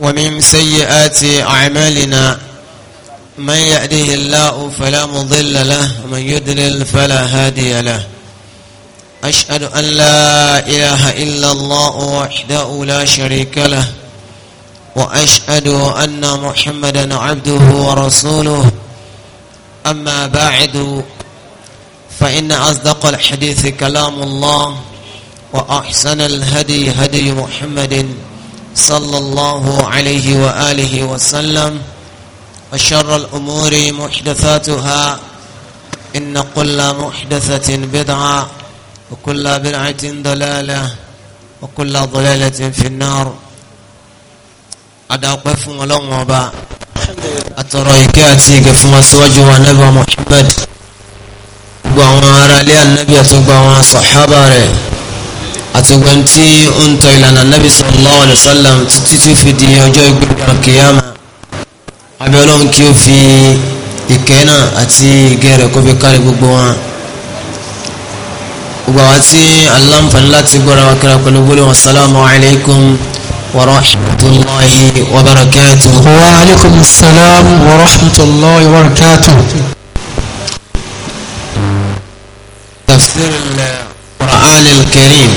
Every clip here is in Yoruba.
ومن سيئات أعمالنا من يأديه الله فلا مضل له ومن يدلل فلا هادي له أشهد أن لا إله إلا الله وحده لا شريك له وأشهد أن محمدا عبده ورسوله أما بعد فإن أصدق الحديث كلام الله وأحسن الهدي هدي محمد صلى الله عليه وآله وسلم وشر الأمور محدثاتها إن كل محدثة بدعة وكل بدعة ضلالة وكل ضلالة في النار أدعوكم ولهم وبا أترويكاتي كفما سواج ونبى محمد وعمر لي النبي تبع صحابه àti gbọ́n tí ó ń tọ ìlànà nabi sallallahu alaihi wa sallam títí tí ó fi di ọjọ́ ìgbéga kìyàmà abẹ́ ọlọ́run kí ó fi ìkẹ́ náà àti ìgẹ́ kó fi kárí gbogbo wa gbogbo wa tí aláǹfààní láti gbọ́ra wa kíra pẹ̀lú wa assalamu alaikum wa rahmatulahi wa barakatuh. wa alaikum salaam wa rahmatulahi wa barakatuh. tafsir al-Qur'an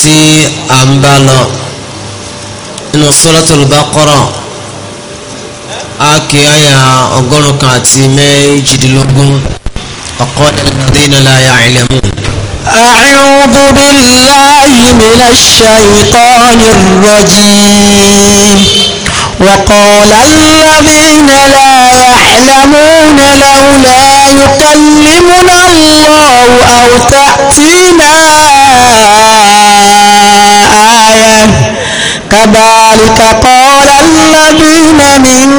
tí a ń bá lọ nínú Suratul Baqara a kì í àyà ọgọ́rùn-ún kan àti méjìdínlógún وقال الذين لا يعلمون أعوذ بالله من الشيطان الرجيم وقال الذين لا يعلمون لولا يكلمنا الله أو تأتينا آية كذلك قال الذين من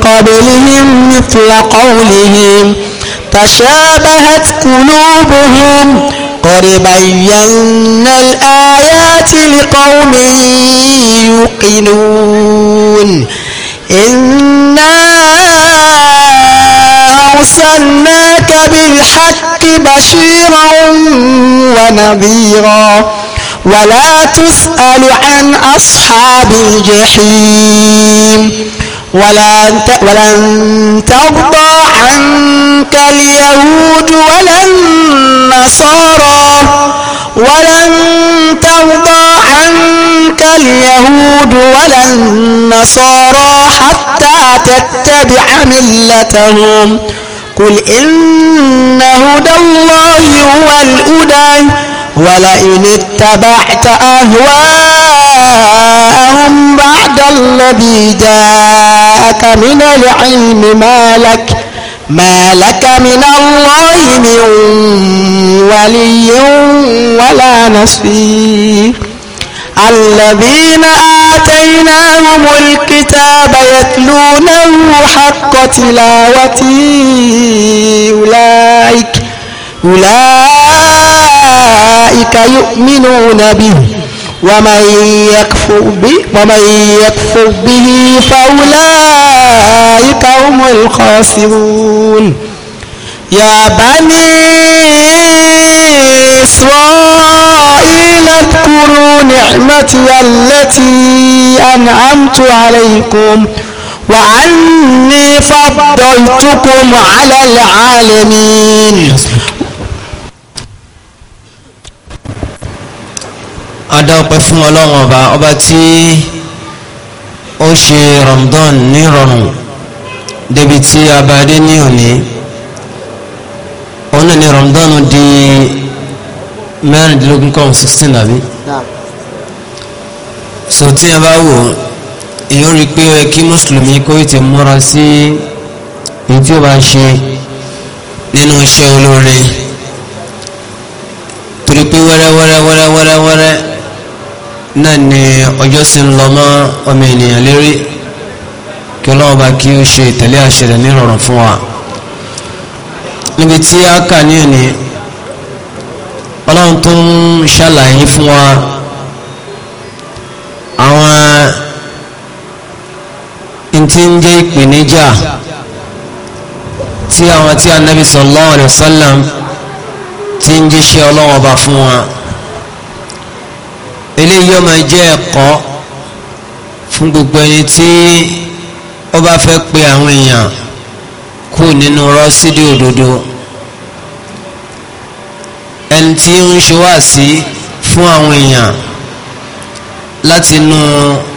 قبلهم مثل قولهم تشابهت قلوبهم قد بينا الآيات لقوم يوقنون إنا أرسلناك بالحق بشيرا ونذيرا ولا تسأل عن أصحاب الجحيم ولن ولن ترضى عنك اليهود ولا النصارى ولن ترضى عنك اليهود ولا النصارى حتى تتبع ملتهم قل إن هدى الله هو الهدى ولئن اتبعت أهواءهم بعد الذي جاءك من العلم ما لك ما لك من الله من ولي ولا نصير الذين آتيناهم الكتاب يتلونه حق تلاوته أولئك أولئك يؤمنون به ومن يكفر به, ومن يكفر به فأولئك هم الخاسرون يا بني إسرائيل اذكروا نعمتي التي أنعمت عليكم وأني فضلتكم على العالمين adá ọpẹ́ fún Ọlọ́run ọba ọba tí ó ṣe Ramadan ní ìrọ̀rùn débi tí a bá dé ní òní òun náà ni Ramadan di mẹ́rìndínlógún kan sixteen àbí so tí a bá wò èyí ó rí i pé ó yẹ kí mùsùlùmí kó tètè múra sí ní tí ó bá ṣe nínú iṣẹ́ olóore torí pé wẹ́rẹ́wẹ́rẹ́wẹ́rẹ́wẹ́rẹ́ náà ni ọjọ́ sì ń lọ mọ́ ọmọ ènìyàn lérí kí ọlọ́run bá kí ó ṣe ìtẹ̀lé àṣẹ nírọ̀rùn fún wa níbi tí a kà ní òní ọlọ́run tó ń ṣàlàyé fún wa. tí ń jẹ́ ìpèníjà tí àwọn tí anabi sallallahu alayhi wa sallam tí ń jíṣẹ́ ọlọ́wọ́n ọba fún wa eléyìí ọmọ jẹ́ ẹ̀kọ́ fún gbogbo ẹni tí ó bá fẹ́ pe àwọn èèyàn kú nínú rọ́sídìí òdodo ẹni tí ń ṣe wá sí fún àwọn èèyàn láti nu. No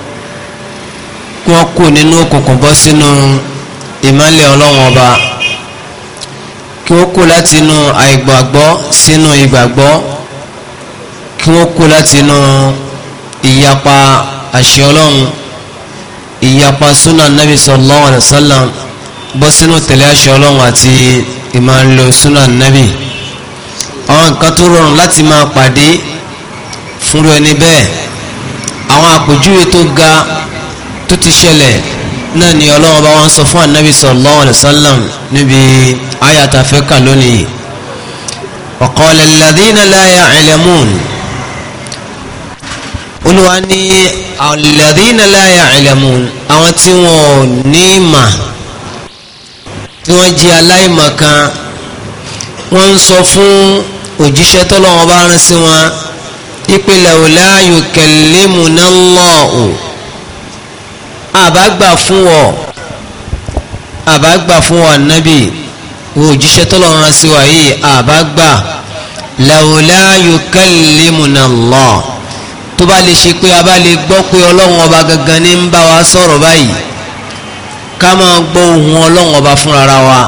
kí wọ́n kó nínú òkùnkùn bọ́ sínú ìmọ́lẹ̀ ọlọ́run ọba kí wọ́n kó láti inú àìgbàgbọ́ sínú ìgbàgbọ́ kí wọ́n kó láti inú ìyapa àṣẹ ọlọ́run ìyapa sunnah nabi sallallahu alayhi wa sallam bọ́ sínú tẹ̀lé àṣẹ ọlọ́run àti ìmáa ń nabi àwọn nǹkan tó rọrùn láti máa pàdé fúnru ẹni bẹ́ẹ̀ àwọn àpèjúwe tó ga tó ti ṣẹlẹ̀ náà ni ọlọ́wọ́ bá wọn sọ fún anabi sallallahu alayhi wa sallam níbi ayata fẹ́ka lónìí wa qala alladhina la ya'lamun olùwà ní alladhina la ya'lamun àwọn tí wọn ò ní mà tí wọ́n jẹ́ aláìmọ̀ kan ń sọ fún òjíṣẹ́ tọ́lọ́wọ́n bá rán sí wọn ìpìlẹ̀ ò la yukallimuna Allahu àbágbà fún ọ àbágbà fún ọ ànábì wo òjíṣẹ́ tọ́lọ́run rán sí wa yìí àbágbà làwòlá yukallimuna Allah tó bá lè ṣe pé a bá lè gbọ́ pé ọlọ́run ọba gangan ní ń bá wa sọ̀rọ̀ báyìí ká máa gbọ́ ohùn ọlọ́run ọba fúnra wa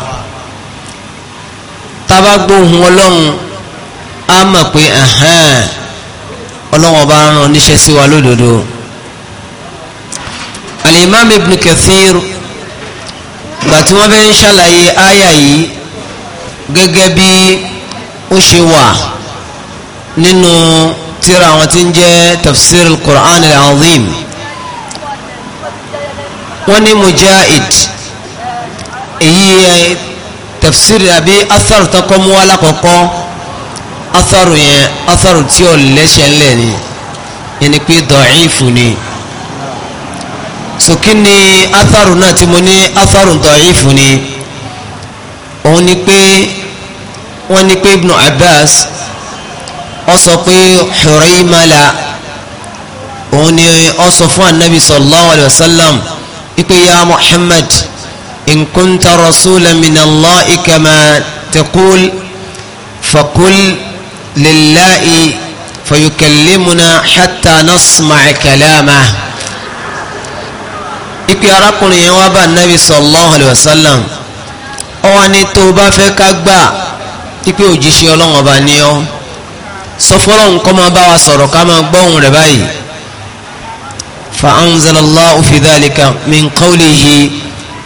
tá bá gbọ́ ohùn ọlọ́run á mọ̀ pé ọlọ́run ọba ń rán níṣẹ́ sí wa lódodo alimami ibn kathir gbà tí wọ́n fẹ́ ń ṣàlàyé àyà yìí gẹ́gẹ́ bí ó ṣe wà nínú tírà àwọn tí ń jẹ́ tafsir al-qur'an al-azim wọ́n ní mujahid èyí tafsir àbí asaru takọ́mú alákọ̀ọ́kọ́ asaru yẹn asaru tí ò lẹ́sẹ̀ ńlẹ̀ ni yẹn ni pé dọ̀ọ́ìfù ni so kí ni atharu náà tí mo ní atharu da'ifu ni òun ni pé wọ́n ní pé ibnu abbas ó sọ pé Huraymala òun ni ó sọ fún anabi sallallahu alayhi wa sallam ipe ya muhammad in kunta rasulan min allahi kama taqul fakul lillahi fayukallimuna hatta nasma'a kalamahu ipe arákùnrin yẹn wá bá nabi sallallahu alayhi wa sallam ó wá ní tó o bá fẹ́ ká gbà ipe òjíṣẹ́ ọlọ́run ọba ní ọ sọ fọlọ́run kọ́ máa bá wa sọ̀rọ̀ ká máa gbọ́hùn rẹ̀ báyìí fa anzalallahu fi min qawlihi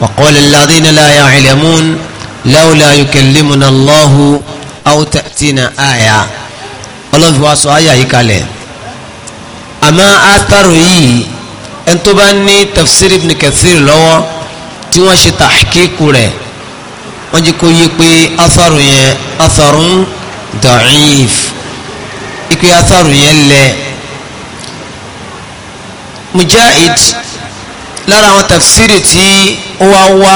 wa qala alladhina la ya'lamun lawla yukallimuna allahu aw ta'tina aya ọlọ́run fi sọ àyà yìí àmọ́ àtàrò yìí ẹni tó bá ní tafsir ibn kathir lọ́wọ́ tí wọ́n ṣe tahqiqu rẹ̀ wọ́n jẹ́ kó yé pé atharu yẹn atharun da'if ipe atharu yẹn lẹ̀ mujahid lára àwọn tafsiri tí ó wá wá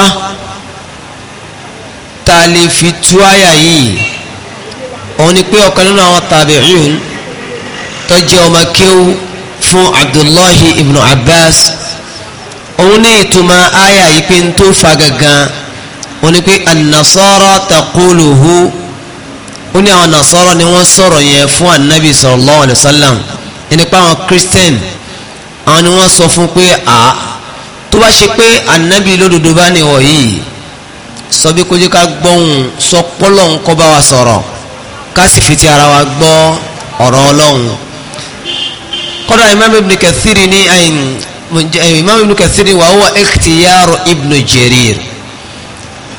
ta fi tú àyà yìí òun ni pé ọ̀kan nínú àwọn tabi'un tó jẹ́ ọmọ kéwù fún abdullahi ibn abbas òun ní ìtumọ̀ aya yìí pé ń tó fa gangan òun ní pé anasara takuluhu ó ní àwọn nasara ni wọ́n sọ̀rọ̀ yẹn fún anabi sallallahu alayhi wa sallam ẹni pé àwọn christian àwọn ni wọ́n sọ fún pé a tó bá ṣe pé anabi lódodo bá ní wọ̀ yìí sọ bí kojú ká gbọ́hùn sọ pọ́lọ́ ń kọ́ bá wa sọ̀rọ̀ ká sì fi ti ara wa gbọ́ ọ̀rọ̀ ọlọ́run kọ́dọ̀ imam ibn kathiri ní imam ibn kathiri wà huwa ikhtiyaru ibn jarir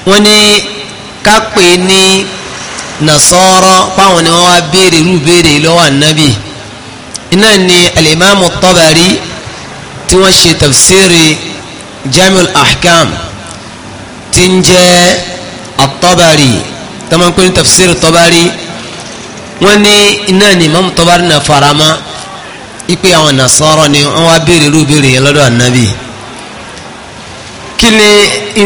wọ́n ní ká pè ní nasara páwọn ni wọ́n wá béèrè irú béèrè lọ́wọ́ ànábì iná ni alimami tabari tí wọ́n ṣe tafsiri jamiul ahkam tí ń jẹ́ at-tabari tọ́mọ́ pé ní tafsiri tabari wọ́n ní iná ni imam tabari na farama ipe àwọn nasọ́rọ̀ ni wọ́n wá béèrè irú béèrè yẹn lọ́dọ̀ ànábì kí ni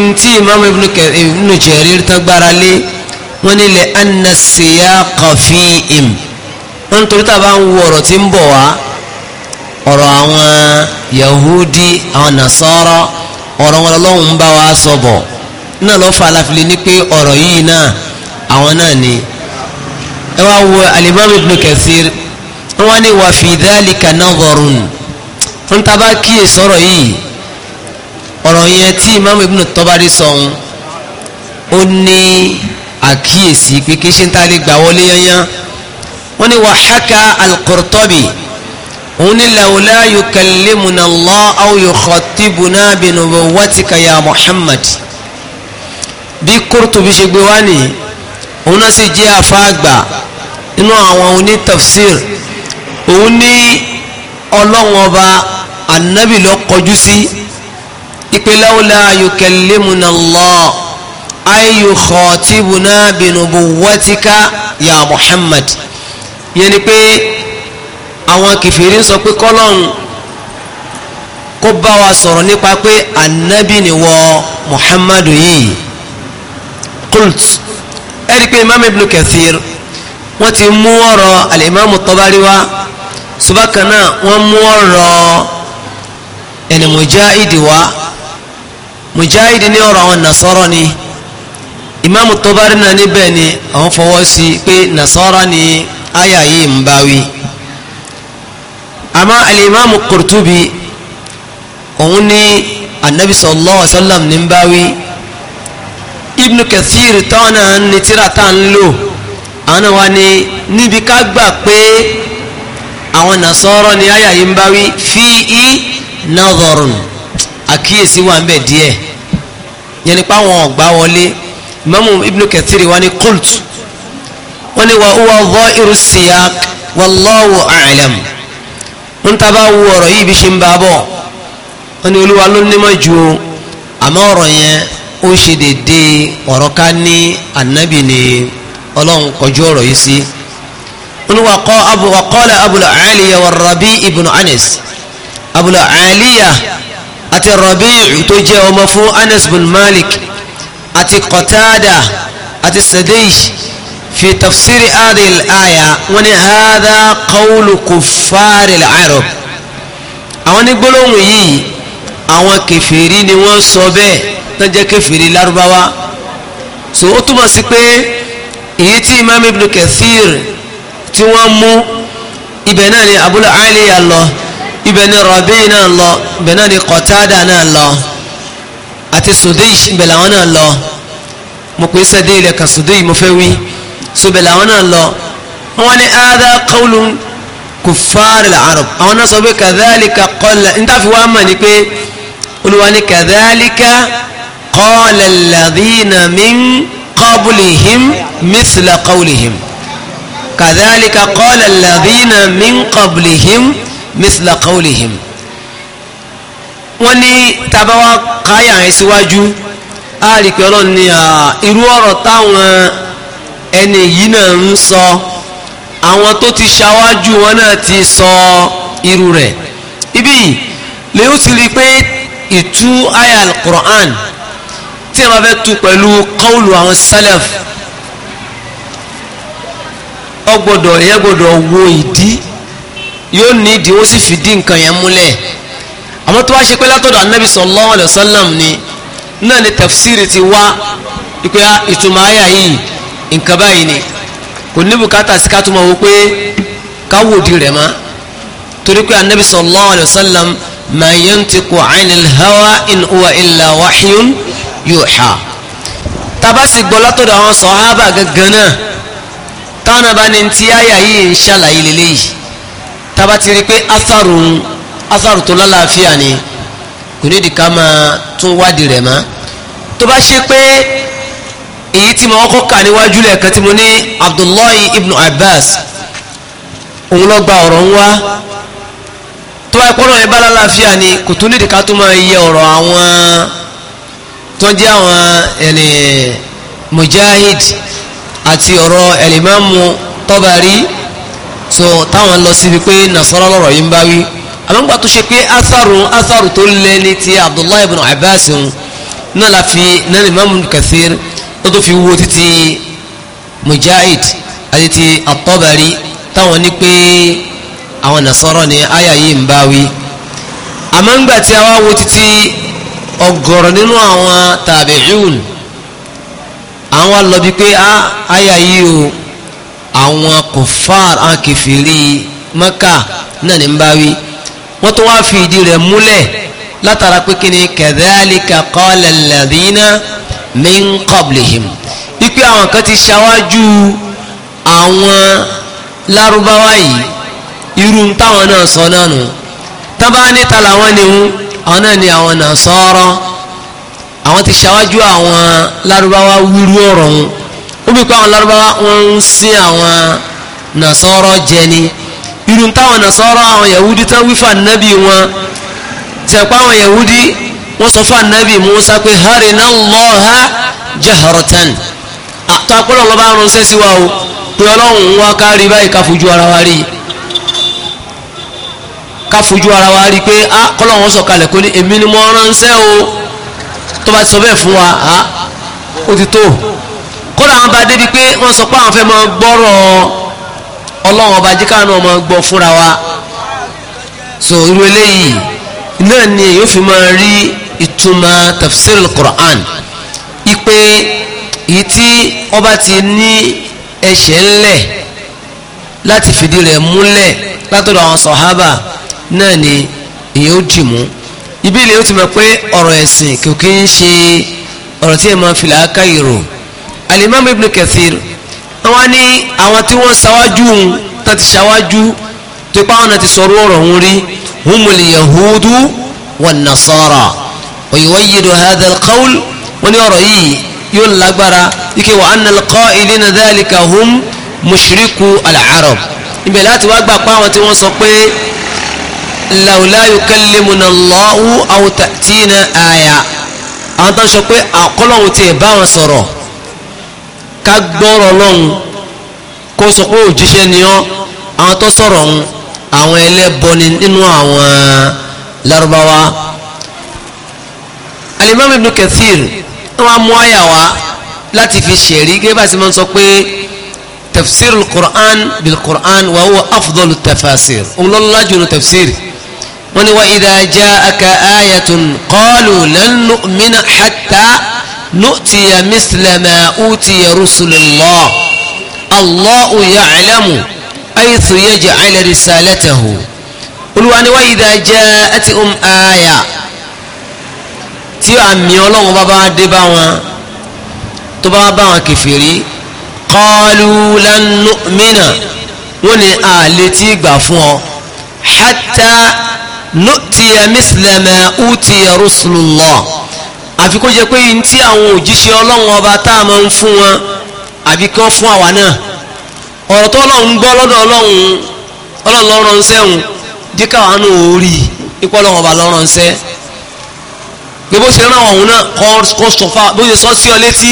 ntí imaamu ibnu Jarir tán gbára lé wọ́n ní lè anna siyaqa fihim wọ́n nítorí tá a bá ń wo ọ̀rọ̀ tí ń bọ̀ wá ọ̀rọ̀ àwọn yahudi àwọn nasọ́rọ̀ ọ̀rọ̀ wọn lọ́wọ́ ń bá wa sọ bọ̀ náà lọ́ fa aláfilé ní pé ọ̀rọ̀ yìí náà àwọn náà ni ẹ wá wo alimami ibnu Kathir wọ́n ní wà fi dhalika nadharun ń taba kíyè sọ̀rọ̀ yìí ọ̀rọ̀ yẹn tí imaamu ibnu tọ́bárí sọ̀hún ó ní àkíyèsí pé kí ṣe ń ta lè gbà wọlé yányán wọ́n ní wà haka al-Qurtubi òun ní lawla yukallimuna Allah aw yukhatibuna bi nubuwatika ya Muhammad bí Qurtubi ṣe gbé wá nìyí òun náà sì jẹ́ afáàgbà nínú àwọn onítafsir òun ní ọlọ́run ọba anabi lọ kọjú sí ìpínlẹ̀ ọ̀la yukallimuna Allah ayu khatibuna binubuwatika ya Muhammad yẹn ni pé àwọn kìfìrí sọ pé kọ́lọ́run kó bá wa sọ̀rọ̀ nípa pé anabi ni wọ Muhammadu yìí kult ẹ̀rí pé imam ibn Kathir wọ́n ti mú ọ̀rọ̀ al-imam Tabari subaka náà wọ́n mú ọ̀rọ̀ ẹni mujahid wá mujahid ní ọ̀rọ̀ àwọn nasọ́rọ̀ ni imaamu tobari náà níbẹ̀ ni àwọn fọwọ́ sí pé nasọ́rọ̀ ni aya yìí ń báwí àmọ́ alimami kurtubi òun ní anabi sallallahu alaihi wa sallam ní ń báwí ibnu kathir tọ́nà ní tíra tá ń lò àwọn wa ní níbi ká gbà pé àwọn nasọ́rọ́ ni àyà yìí ń bá wí fi í nadharun àkíyèsí wà ń bẹ̀ díẹ̀ yẹn nípa àwọn ọ̀gbá wọlé imamu ibnu kathiri wani kult wọ́n ní wa huwa dhahiru siyaq wallahu a'lam ń taba wo ọ̀rọ̀ yìí bí ṣe ń bá bọ̀ wọ́n ní olúwa ló ní mọ̀ ju àmọ́ ọ̀rọ̀ yẹn ó ṣe déédéé ọ̀rọ̀ ká ní ànábì ni ọlọ́run kọjú ọ̀rọ̀ yìí sí. Si olùwàkọ́ wàkọ́lẹ̀ abul aliya wà rabi ibn anis abul aliya àti rabi tó jẹ́ ọmọ fún anis bin malik àti qatada àti sadej fi tafsiri adil aya wọ́n ní hada qawlu kufari al-arab àwọn ní gbólóhùn yìí àwọn kẹfìrí ni wọ́n sọ bẹ́ẹ̀ tó jẹ́ kẹfìrí lárúbáwá so ó túmọ̀ sí pé èyí tí imam ibn kathir tí wọ́n mú ibẹ̀ náà ni Abul Aliya lọ ibẹ̀ ni Rabi náà lọ ibẹ̀ náà ni Qatada náà lọ àti Sudai ibẹ̀ làwọn náà lọ mo pè é sẹ́dẹ̀ ilẹ̀ kan Sudai mo fẹ́ wí so ibẹ̀ làwọn náà lọ wọ́n ní ada qawlun kuffar al-Arab àwọn náà sọ pé kadhalika qala níta fi wá mà ní pé olùwà ní kadhalika qala alladhina min qablihim mithla qawlihim. كذلك قال الذين من قبلهم مثل قولهم wọ́n ní tabawa káyà ẹ̀ síwájú a rí pé ọlọ́run ní irú ọ̀rọ̀ táwọn ẹni yìí náà ń sọ àwọn tó ti ṣáwájú wọn náà ti sọ irú rẹ̀ ibi lè ó ti rí pé ìtú àyà al-Qur'an tí a tu pẹ̀lú qawlu àwọn salaf ọgbọ́dọ̀ yẹ gbọ́dọ̀ wo ìdí yóò ní ìdí ó sì fìdí nǹkan yẹn múlẹ̀ àmọ́ tó wá ṣe pé látọ̀dọ̀ anabi sallallahu alayhi wa sallam ni náà ni tafsiri ti wá ìpè ah, ìtumọ̀ àyà yìí nǹkan báyìí ni kò ní bùkátà sí ká tó máa wo pé ká wò di rẹ̀ mọ́ torí pé anabi sallallahu alayhi wa sallam ma yantiqu anil hawa in huwa illa wahyun yuha tabasi gbọ́ látọ̀dọ̀ àwọn sọ̀hábà gangan náà táwọn náà bá ní ti àyà yìí ń ṣàlàyé lélẹ́yìí tába ti rí pé asaru asaru tó lálàáfíà ni kò ní ìdíkà máa tún wádìí rẹ̀ mọ́ tó bá ṣe pé èyí tí mo kọ́kọ́ kà níwájú lẹ́ẹ̀kan tí mo ní Abdullahi ibn Abbas òun lọ gba ọ̀rọ̀ ń wá tó bá ìpọ́nà ẹ̀ bá lálàáfíà ni kò tún nídìí ká tó máa yẹ ọ̀rọ̀ àwọn tó ń jẹ́ àwọn ẹni Mujahid àti ọ̀rọ̀ ẹ̀lìmáàmù tọ́bárí so táwọn lọ síbi pé nasara lọ́rọ̀ yìí ń bá wí àwọn gbà tó ṣe pé asaru asaru tó lé ní ti abdullahi ibn abbas náà la fi náà ìmáàmù kathir tó tó fi wo títí mujahid àti ti atọ́bárí táwọn ní pé àwọn nasara ni àyà yìí ń bá wí àmọ́ tí a wá wo títí ọgọ́rọ̀ nínú àwọn tàbí'un àwọn alọ́bi pé a ah, àyà yìí o àwọn kòfàr àwọn kẹfìrí mẹ́kà náà ní bá wí wọ́n tó wá fi ìdí rẹ̀ múlẹ̀ látara pé kí ni kadhalika qala alladhina min qablihim wípé àwọn kan ti ṣáwájú àwọn lárúbáwá yìí irú táwọn náà sọ náà nù tábà níta làwọn ni wọn àwọn náà ni àwọn náà sọ̀rọ̀ àwọn ti ṣáwájú àwọn lárúbáwá wíru ọ̀rọ̀ wọn ó bí pé àwọn lárúbáwá wọn ń sin àwọn nàṣọ́rọ́ jẹni irú táwọn nàṣọ́rọ́ àwọn yahudi tán wí fànàbí wọn tẹ̀pá àwọn yahudi wọ́n sọ fànàbí Musa pé harina Allaha jaharatan àtọ́ akọ́lọ́ lọ́ba ń ránṣẹ́ sí wa o pé ọlọ́run ń wá kárí báyìí ká fojú ara wa rí ká fojú ara wa rí pé ah, kọ́lọ́ wọn sọ̀kalẹ̀ kó ní èmi ni mo ránṣẹ́ o tó bá sọ bẹ́ẹ̀ fún wa á ó ti tó kódà wọn bá débi pé wọn sọ pé àwọn fẹ́ máa gbọ́rọ̀ ọlọ́run ọba jíkà náà máa gbọ́ fúnra wa so irú eléyìí náà ni yóò fi máa rí ìtumọ̀ tafsir al-Qur'an ipe èyí tí ọba ti ní ẹsẹ̀ ńlẹ̀ láti fìdí rẹ̀ múlẹ̀ látọ̀dọ̀ àwọn sọ̀hábà náà ni èyí ó dì mú ibi ilé ó ti mọ̀ pé ọ̀rọ̀ ẹ̀sìn kò kí ń ṣe ọ̀rọ̀ tí ẹ máa fi làákà ìrò alimami ibn kathir wọn ní àwọn tí wọ́n ṣáwájú ń tán ti ṣáwájú tó pa àwọn ti sọ̀rọ̀ ọ̀rọ̀ ń rí humul yahudu wan nasara wa yuwayyidu hadha wọn ní ọ̀rọ̀ yìí yóò lágbára ike wa anna alqa'ilina dhalika hum mushriku al-arab ibẹ̀ láti wá gbà pa àwọn tí wọ́n sọ pé laula yukallimuna Allahu aw ta'tina aya àwọn tó ń sọ pé àkọlọ́hún ti ẹ̀ bá wọn sọ̀rọ̀ ká gbọ́rọ̀ lọ́hún kó sọ pé òjíṣẹ́ ni ọ́ àwọn tó sọ̀rọ̀ ọ̀hún àwọn ẹlẹ́bọ ni nínú àwọn Lárúbáwá. alimami ibn Kathir wọn mú àyà wá láti fi ṣẹ̀rí gẹ́gẹ́ bá ti máa ń sọ pé tafsir quran bil-Qur'an wa huwa afdalu tafasir òun lọ́lá jùlọ tafsir wọ́n ní wa idha ja'aka ayatun qalu lan nu'mina hatta nu'tiya misla ma utiya rusulullah Allahu ya'lamu aythu yaj'al risalatahu olùwà ni wa idha ja'atuhum aya tí àmì ọlọ́run bá bá dé bá wọn tó bá bá wọn kèfèrí qalu lan nu'mina wọ́n ní àlè tí gbà fún ọ hatta nutiya misla ma utiya rusulullah àfi kó jẹ́ pé n tí àwọn òjíṣẹ́ ọlọ́run ọba tá a máa ń fún wọn àbí kán fún àwa náà ọ̀rọ̀ tó ọlọ́run gbọ́ lọ́dọ̀ ọlọ́run ọlọ́run lọ́rọ̀ ń sẹ́hùn díkà wà nù orí ipò ọlọ́run ọba lọ́rọ̀ ń sẹ́ pé bó ṣe ràn ọ̀hún náà kọ́ sọ fà bó ṣe sọ sí ọ létí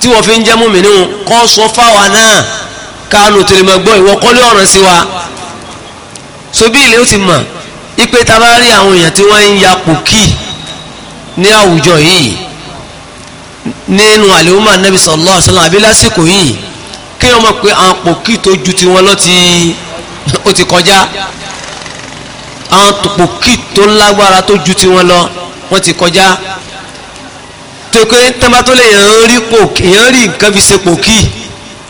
tí wọ́n fi ń jẹ́ múmi kọ́ sọ fáwa náà kánú tèlèmọ̀gbọ́ ìwọ́kọ́lé ọ̀ràn sí wa so ilé ó ti mọ̀ ipe ta bá rí àwọn èèyàn tí wọ́n ń ya pòkì ní àwùjọ yìí nínú àlèhùnmá nẹ́bí sallallahu alaihi wasallam àbí lásìkò yìí kí wọ́n mọ̀ pé àwọn pòkì tó ju ti wọn lọ ti ó ti kọjá àwọn pòkì tó lágbára tó ju ti wọn lọ wọ́n ti kọjá tó pé tẹ́mbátólè èèyàn rí nǹkan fi ṣe pòkì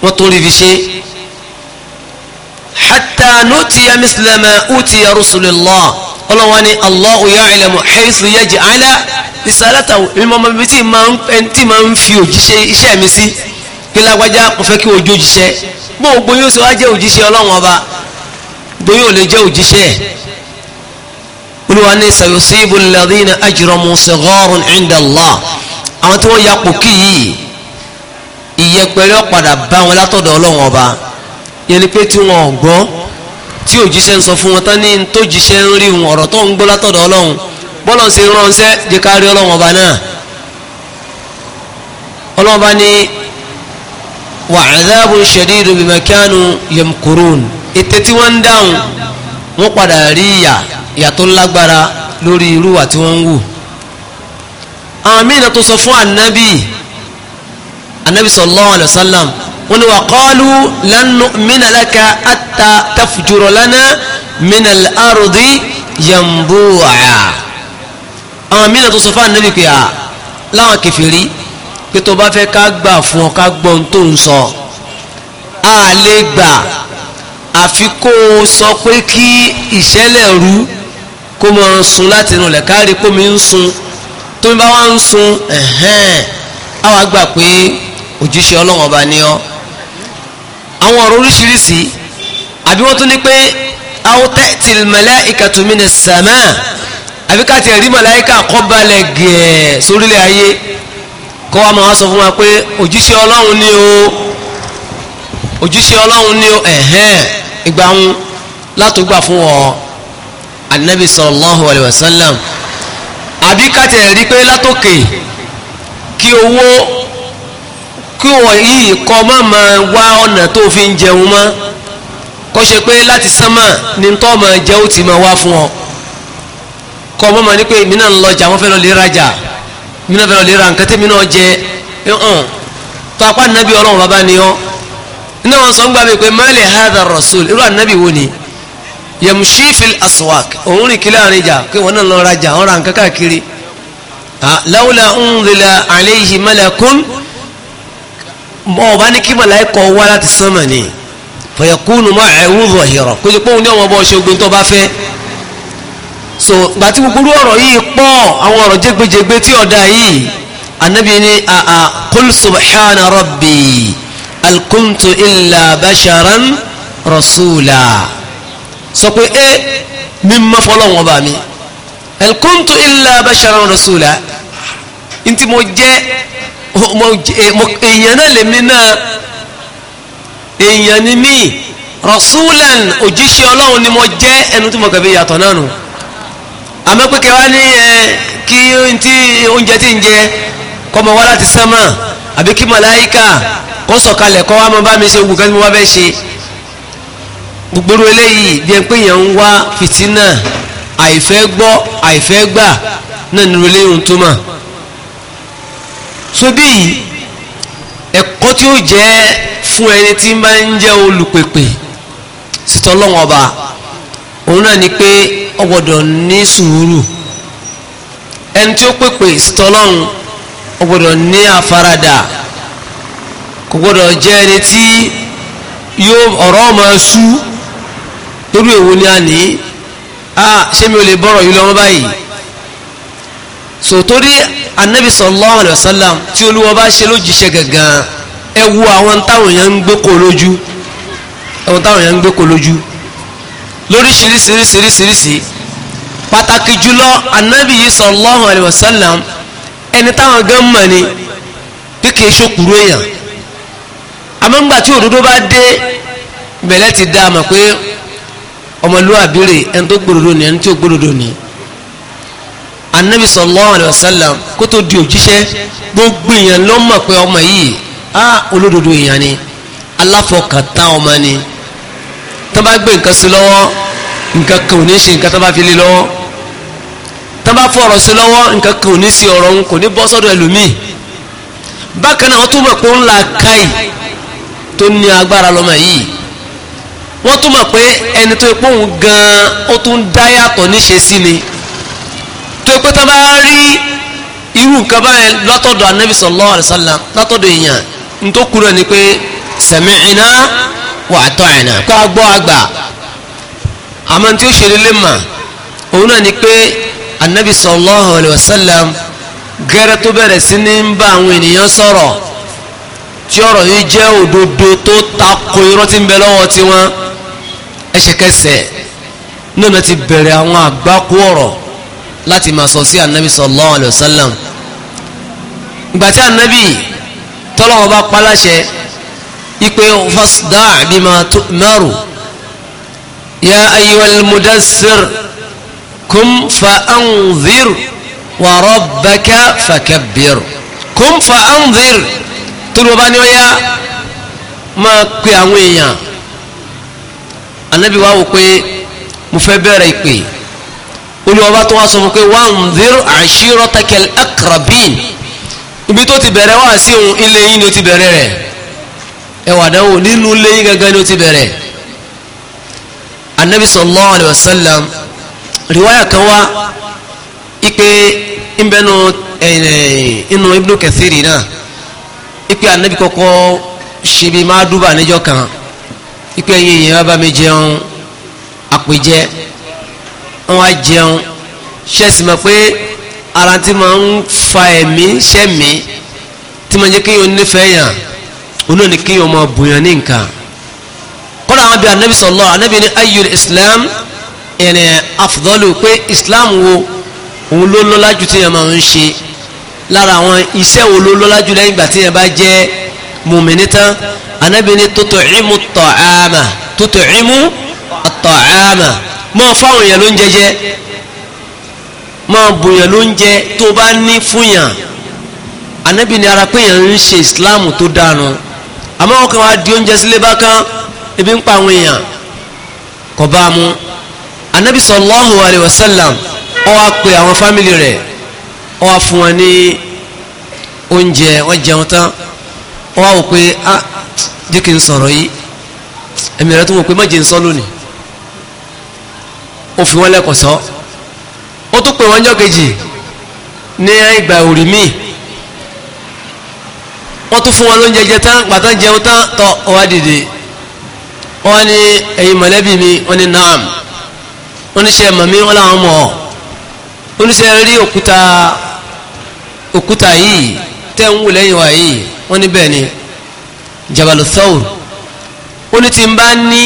wọ́n tó rí fi ṣe hatta nutiya mislama utiya rasulillah ọlọ́wọ́n ni allahu ya'lamu haythu yaj'ala risalatahu ìmọ̀mọ́ ibi tí ma ń fi òjíṣẹ́ iṣẹ́ mi sí kí lágbájá mo fẹ́ kí ojú òjíṣẹ́ bó o gbóyún sí wá jẹ́ òjíṣẹ́ ọlọ́wọ́n ọba gbóyún ò lè jẹ́ òjíṣẹ́ olúwa ní sayusibu alladhina ajramu sigharun inda allah àwọn tí wọ́n ya pòkì yìí ìyẹpẹrẹ ọ̀padà bá wọn látọ̀dọ̀ ọlọ́wọ́n ọba yẹn ni pé tí wọn ò gbọ́ tí òjíṣẹ́ ń sọ fún wọn tán ní tó jíṣẹ́ ń rí wọn ọ̀rọ̀ tó ń gbọ́ látọ̀dọ̀ ọlọ́run bọ́lọ̀ ń ṣe ránṣẹ́ jẹ́ ká rí ọlọ́run ọba náà ọlọ́run ọba ní wa adhabun shadidu bima kanu yamkurun ète tí wọ́n ń dáhùn wọ́n padà rí ìyà ìyà tó lágbára lórí irú tí wọ́n ń wù àwọn míì náà tó sọ fún ànábì ànábì sallallahu alaihi wasallam wọ́n ní wà qalu lan nu'mina laka hatta tafjura lana minal ardi yanbu'a àwọn mìíràn tó sọ fún ànábì pé à láwọn kẹfìrí pé tó bá fẹ́ ká gbà fún ọ ká gbọ́ ohun tó ń sọ a lè gbà àfi sọ pé kí ìṣẹ̀lẹ̀ rú kó mọ sun láti inú káàrí kó mi ń sun tó bá wá ń sun ẹ̀hẹ́n á wá pé òjíṣẹ́ ọlọ́wọ́n ni ọ́ àwọn ọ̀rọ̀ oríṣiríṣi àbí wọ́n tún ní pé àwòtẹ́ tìlmẹ̀lẹ́ ìkàtúmínà sàmà àbí ká tiẹ̀ rí màláìka kọ́ balẹ̀ gẹ̀ẹ́ sórílẹ̀ ayé kọ́ wa máa sọ fún wa pé òjíṣẹ́ ọlọ́run ni o òjíṣẹ́ ọlọ́run ni o ẹ̀hẹ́n ìgbà ń látògbà fún ọ anabi sallallahu alayhi wa sallam àbí ká tiẹ̀ rí pé látòkè kí owó kí wọ́n yìí kọ́ má máa wá ọ̀nà tó fi ń jẹun mọ́ kó ṣe pé láti sánmà ní tó máa jẹ́ ó ti máa wá fún ọ kọ́ mọ́ máa ní pé mí náà ń lọjà wọ́n fẹ́ lọ lè rajà mí náà fẹ́ lọ lè ra nǹkan tẹ́mi náà jẹ hàn tó apá nàbí ọlọ́run bàbá ni ọ́ iná wọn sọ ń gbà mí pé mali hadha rasul irú ànábì wo ni yamshi fil aswaq òun rìn kílẹ̀ àrìnjà pé wọ́n náà lọ rajà wọ́n ra nǹkan káàkiri lawla unzila alayhi malakun ọba ní kí màláìkọ wá láti sánmà ni fẹ̀yẹ̀kúnù máa ẹ̀wù rọ̀hìrọ̀ kó ti pọ́n ní ọmọ ọba ọ̀ṣọ́gun tó bá fẹ́ so gbà tí gbogbo ọ̀rọ̀ yìí pọ̀ àwọn ọ̀rọ̀ jẹgbẹjẹgbẹ tí ọ̀dà yìí anabi ni àà kul subhana rabbi alkuntu illa basharan rasula sọ pé ẹ mi ma fọlọ́ wọn bá mi alkuntu illa basharan rasula ntí mo jẹ́ Eh, èèyàn náà lèmi náà èèyàn ni mí rasulan òjíṣẹ́ ọlọ́run ni mo jẹ́ ẹnu tí mo kàbí yàtọ̀ náà nù àmọ́ pé kẹwa ní ẹ eh, kí tí oúnjẹ tí ń jẹ kọmọ wá láti sánmà àbí kí màláíkà kó sọ̀kalẹ̀ kọ́ wá mọ bá mi ṣe gbogbo kan tí mo ṣe gbogbo eléyìí bí ẹ pé yẹn ń wá fìtínà àìfẹ́ gbọ́ àìfẹ́ gbà náà nírú eléyìí ń túmọ̀. Sobi, bí ẹ̀kọ́ tí ó jẹ́ fún ẹni tí ń bá ń jẹ́ olùpèpè sítọ́ lọ́wọ́n ọba òun náà ni pé ó gbọ́dọ̀ ní sùúrù ẹni tí ó pèpè sítọ́ lọ́hùn ó ní àfaradà kò gbọ́dọ̀ jẹ́ ẹni tí yóò ọ̀rọ̀ máa sú torí èwo ni a ní ah, ṣé mi ò lè bọ́rọ̀ yìí lọ́wọ́ báyìí sòtórí anabi sallallahu alayhi wa sallam tí olúwa bá ṣe lójíṣẹ́ gangan ẹ wo àwọn táwọn èèyàn ń gbé kó lójú àwọn táwọn èèyàn ń gbé kó lójú lóríṣiríṣiríṣiríṣi pàtàkì jùlọ anabi alayhi wa sallam ẹni táwọn gan mọ̀ ni bí kìí ṣokùrú èèyàn àmọ́ ńgbà tí òdodo bá dé bẹ̀lẹ́ ti dá a mọ̀ pé ọmọlúwàbí ẹni tó gbòdodo ni ẹni tí ò gbòdodo ni anabi sallallahu alayhi wa sallam kó tó di òjíṣẹ́ gbogbo èèyàn ló mọ̀ pé ọmọ yìí á olódodo èèyàn ni aláfọkàntá ọmọ ni tó bá gbé nǹkan sí lọ́wọ́ nǹkan kan ò ní ṣe nǹkan tó bá fi lé lọ́wọ́ tó bá fọ ọ̀rọ̀ sí lọ́wọ́ nǹkan kan ò ní sí ọ̀rọ̀ òun kò ní bọ́ sọ́dọ̀ ẹlòmíì bákan náà wọ́n tún mọ̀ pé ó la káì tó ní agbára lọ́mọ yìí wọ́n tún mọ̀ pé ẹni tó ipò òun gan-an ó tún dá yàtọ̀ níṣe sí ni tó pé tó bá rí irú nǹkan báyẹn látọ̀dọ̀ anabi sallallahu alayhi wa sallam látọ̀dọ̀ èèyàn n tó kúrò ni pé sami'na wa ata'na kó a gbọ́ àgbà àmọ́ tí ó ṣe lélẹ́ mà òun náà ni pé anabi sallallahu alayhi wa sallam gẹ́rẹ́ tó bẹ̀rẹ̀ sí ní ń bá àwọn ènìyàn sọ̀rọ̀ tí ọ̀rọ̀ yìí jẹ́ òdodo tó tako irọ́ tí ń bẹ lọ́wọ́ tiwọn ẹsẹ̀kẹsẹ̀ náà ti bẹ̀rẹ̀ àwọn àgbákú ọ̀rọ̀ láti máa sọ sí anabi sallallahu alayhi wa sallam ìgbà tí anabi tọ́lọ́wọ́ bá paláṣẹ ipe fasda' bima tu'maru ya ayyuhal mudassir kum fa'anzir wa rabbaka fakabbir kum fa'anzir tọ́lọ́wọ́ bá ní ọ̀yá máa pe àwọn èèyàn anabi wá wò pé mo fẹ́ bẹ̀rẹ̀ ìpè olùwàbá tó wá sọ fún pé wandhir ashiratakal aqrabin ibi tó ti bẹ̀rẹ̀ wá sí ohun ilé yín ni ó ti bẹ̀rẹ̀ rẹ̀ ẹwà dánwò nínú ilé yín gangan ni ó ti bẹ̀rẹ̀ anabi sallallahu alayhi wa sallam riwaya kan wá ipe nbẹnu eh, inú ibnu kathiri náà ipe anabi kọ́kọ́ ṣebi máa dúbà níjọ́ kan ipe ẹyin èèyàn bá mi jẹun àpèjẹ wọ́n á jẹun ṣẹ́sì mọ̀ pé ara tí máa ń fa ẹ̀mí ṣẹ̀mí tí máa jẹ́ kí yóò nífẹ̀ẹ́ yàn òun náà ni kí yóò máa bùyàn ní nǹkan kọ́dà àwọn bíi anabi sallallahu anabi ní ayyul islam ẹ̀nì afdalu pé islam wo òun ló lọ́lá jù tí yẹn máa ń ṣe lára àwọn iṣẹ́ wo ló lọ́lá jù lẹ́yìn ìgbà tí yẹn bá jẹ́ mùmíní tán anabi ní tut'imu at-ta'ama tut'imu at-ta'ama mọ́ fáwọn èèyàn ló ń jẹjẹ mọ́ bùyàn ló ń jẹ tó bá ní fúnyàn anábì ní ara pé èèyàn ń ṣe islam tó dànù àmọ́ wọn kàn wá di oúnjẹ sílé bá kán ebi ń pa àwọn èèyàn kò bá a mú anábì sallallahu alayhi wa sallam ó wá pe àwọn fámìlì rẹ̀ ó wá fún wọn ní oúnjẹ wọ́n jẹun tán ó wá wò pé ah jẹ́ kí n sọ̀rọ̀ yìí ẹ̀mí rẹ̀ tó wò pé má jẹ́ n sọ lónìí ó fi wọ́n lẹ́kọ̀ọ́ sọ ó tún pè wọ́n jọ́ kejì ní ìgbà òrì míì wọ́n tún fún wọn lóúnjẹ jẹ tán gbàtán jẹun tán tọ́ ọwá dìde wọ́n ní ẹ̀yin mọ̀lẹ́bí mi wọ́n ní naam oníṣẹ́ mọ̀mí wọn làwọn mọ̀ oníṣẹ́ rí òkúta òkúta yìí tẹ́ ń wù lẹ́yìn wa yìí wọ́n ní bẹ́ẹ̀ ni Jabalu Thawr ó ní tí n bá ní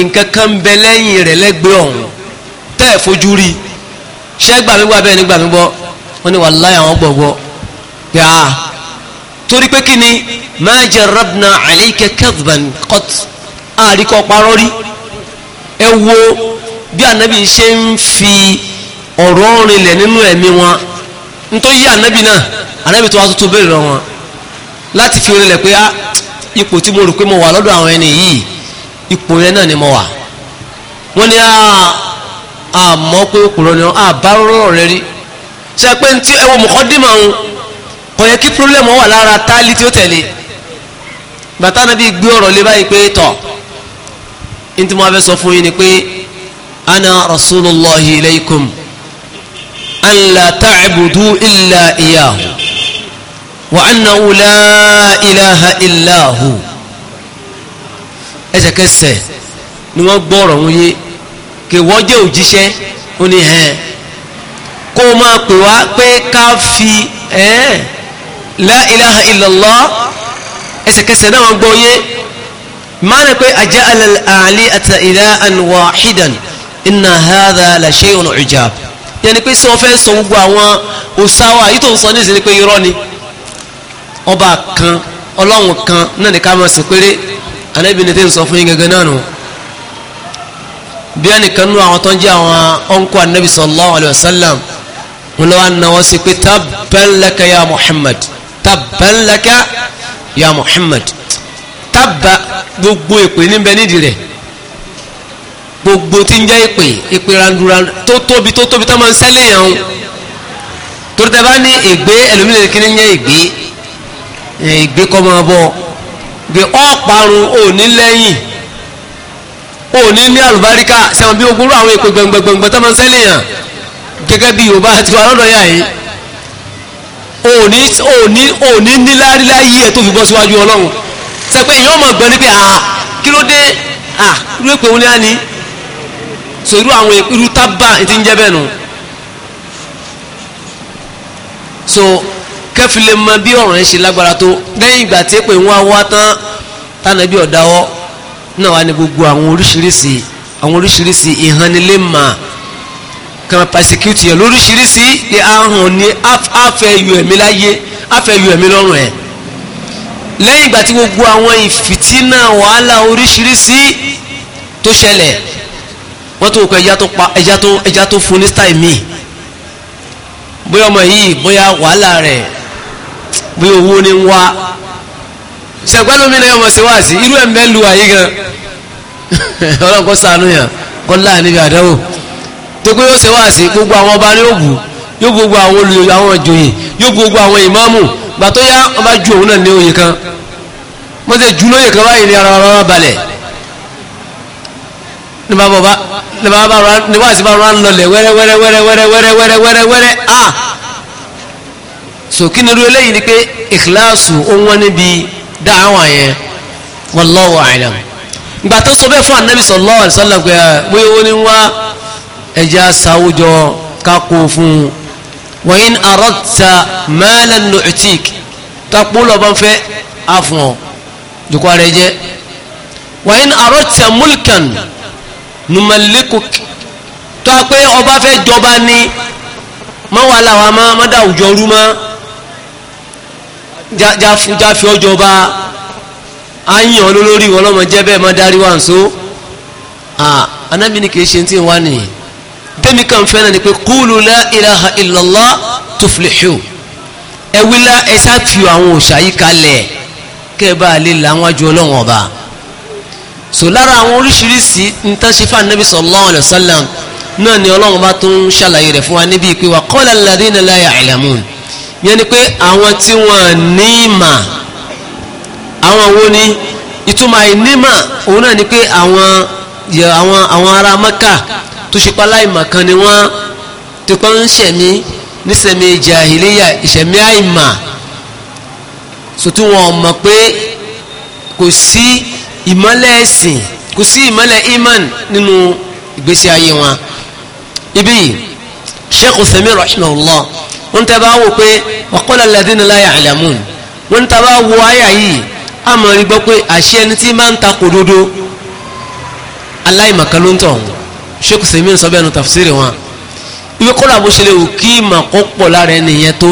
nǹkan kan ń bẹ lẹ́yìn rẹ̀ lẹ́gbẹ̀ẹ́ ọ̀hún tẹ́ ẹ̀ fojú rí ṣé gbàmí gbà bẹ́ẹ̀ ni gbàmí gbọ́ wọ́n ní wàláyà wọn gbọ̀gbọ́ yàá torí pé kí ni ma jarrabna alayka kadhban qat àríkọ́ parọ́ rí ẹ wo bí ànábì ṣe ń fi ọ̀rọ̀ rinlẹ̀ nínú ẹ̀mí wọn nítorí yí ànábì náà ànábì tó wá tó tó bẹ̀rẹ̀ lọ wọn láti fi rinlẹ̀ pé ah, ipò tí mo rò pé mo wà lọ́dọ̀ àwọn ẹni yìí ipò yẹn náà ni mo wà wọ́n ní àmọ́ ah, pé òpùrọ̀ ni àbárò rẹ̀ rí ṣe pé tí ẹwọ mọ̀kọ́dìmọ̀ ọ̀hún kò yẹ kí problem wà lára táálí tí ó tẹ̀lé bàtà náà bí gbé ọ̀rọ̀ lé báyìí pé tọ̀ ní tí mo fẹ́ sọ fún yín ni pé ana rasulullahi ilaykum an la ta'budu illa iyahu wa annahu la ilaha illahu ẹsẹ̀kẹsẹ̀ ni wọ́n gbọ́ ọ̀rọ̀ wọn yé kèwọ́ jẹ́ òjíṣẹ́ ó ní hẹ́n kó o máa pè wá pé ká fi hẹ́n la ilaha illallah ẹsẹ̀kẹsẹ̀ náà wọ́n gbọ́ yé maana pé aja'ala al-alihata ilahan wahidan inna hadha la shay'un ujab yẹni pé sọ fẹ́ sọ gbogbo àwọn òsáwà yìí tó ń sọ ní ìsinmi pé irọ́ ni ọba kan ọlọ́run kan náà ní ká máa sọ péré anábì ní tí ń sọ fún yín gẹ́gẹ́ náà nù bí ẹnìkan nú àwọn tó ń jẹ́ àwọn ọ̀nkọ́ anábì sallallahu alayhi wa sallam wọn lọ́wọ́ náwó sí pé tabban laka ya Muhammad tabban laka ya Muhammad tábà gbogbo èpè níbẹ̀ nídìí rẹ̀ gbogbo tí ń jẹ́ èpè èpè randurandu tó tóbi tó tóbi tó máa ń sẹ́lẹ̀ yàn án torí tẹ ní ègbé ẹlòmíràn kí ni ń yẹ ègbé ègbé kọ́ máa bọ̀ ọ́ gbé ọ̀parun òní lẹ́yìn òní ní àlùbáríkà sẹ́wọ̀n bí ogúnrú àwọn èpè gbẹ̀ngbẹ̀ngbẹ̀ tó máa ń sẹ́lẹ̀ yàn gẹ́gẹ́ bí yorùbá àti wà lọ́dọ̀ yà yìí òní òní òní níláárí láyé ẹ̀ tó fi bọ́ síwájú ọlọ́run sẹ́pẹ́ èèyàn mọ̀ gbọ́n ní pé à kí ló dé à irú èpè òun ní á ní sòrú àwọn irú tábà ti ń jẹ́ bẹ́ẹ̀ nù so kẹfìlẹ mọ bí ọ̀rọ̀ yẹn ṣe lágbára tó lẹ́yìn ìgbà tí pé wọn wá tán tánà bí ọdáwọ náà wà ní gbogbo àwọn oríṣiríṣi àwọn oríṣiríṣi ìhanilé mà kàn pàṣíkìtì yẹn lóríṣiríṣi ni ahùn ni afẹ́yù ẹ̀mí láyé afẹ́yù ẹ̀mí lọ́rùn ẹ̀ lẹ́yìn ìgbà tí gbogbo àwọn ìfìtínà wàhálà oríṣiríṣi tó ṣẹlẹ̀ wọ́n tó kọ ẹja tó fún ní stáì míì bóyá ọmọ yìí bóyá wàhálà rẹ̀ bí owó ní ń wá ṣẹ̀gbọ́n mi náà yọmọ sí wá sí irú ẹ̀ ń bẹ́ lu àyè gan ọlọ́run kó sànú yàn kó láàánú ibi àdánwò tó pé yóò ṣe wá sí gbogbo àwọn ọba ní òbù yóò gbogbo àwọn olùyọ àwọn ìjòyè yóò gbogbo àwọn ìmáàmù gbà tó yá wọn bá ju òun náà ní oyè kan wọ́n ti ju lóyè kan báyìí ní ara wa balẹ̀ ní bá bá ní wá sí bá wọn lọlẹ̀ wẹ́rẹ́ wẹ́rẹ́ wẹ́rẹ́ wẹ́rẹ́ wẹ́rẹ́ wẹ́rẹ́ wẹ́rẹ́ ah so kí ni irú eléyìí ni pé ìkìláàsù ó wọ́n níbi dáhàwá yẹn wallahu a'lam ìgbà tó sọ bẹ́ẹ̀ fún anabi sallallahu alaihi wasallam pé ah, bóyá ó ní wá ẹja sáwùjọ kákó fún un wa in aradta malan nu'tik lọ́ba fẹ́ àfọ̀n jùkọ́ rẹ̀ jẹ́ wa in aradta mulkan tó a pé ọba fẹ́ jọba ni mọ́wàá làwọn máa má dá rú máa jáfi ọjọ́ bá a ń yàn lólórí wọn lọ́mọ jẹ́ bẹ́ẹ̀ mọ́ darí wa ń so anábì ni kìí ṣe tí wà ní tẹ́mi kan fẹ́ náà ni pé qulu la ilaha illallah tuflihu ẹ̀wílá ẹ̀sà fi àwọn òòṣà yìí kalẹ̀ kẹ́ẹ̀bá lè làwájú ọlọ́wọ́n ọba so lára àwọn oríṣiríṣi ntẹ́sífà nabi sallallahu alayhi wa sallam náà ni ọlọ́wọ́n bá tó ṣàlàyé rẹ̀ fún wa níbi ìpè wa qala alladhina la yẹn ni pé àwọn tí wọ́n ní ìmà àwọn wo ni ìtumọ̀ àìnímà òun náà ni pé àwọn àwọn àwọn ará mẹ́kà tó ṣe pa láìmọ̀ kan ni wọ́n ti pọ́n ń ṣẹ̀mí nísẹ̀mí jàhìlíyà ìṣẹ̀mí àìmà sòtún wọn mọ̀ pé kò sí ìmọ́lẹ̀ ẹ̀sìn kò sí ìmọ́lẹ̀ iman nínú ìgbésí ayé wọn ibi Sheikh Uthaymeen allah ń tẹ́ bá wò pé waqala alladhina la ya'lamun ń tẹ́ bá wo àyà yìí àmọ̀rí gbọ́ pé àṣẹ ẹni tí máa ń ta kò dodo aláìmọ̀kan ló ń tọ̀ ọ̀hún sheikh sèmi ń sọ bẹ́ẹ̀ nu tafsiri wọn ibi kọ́lá bó ṣe lè wò kí màkọ́ pọ̀ lára ẹni yẹn tó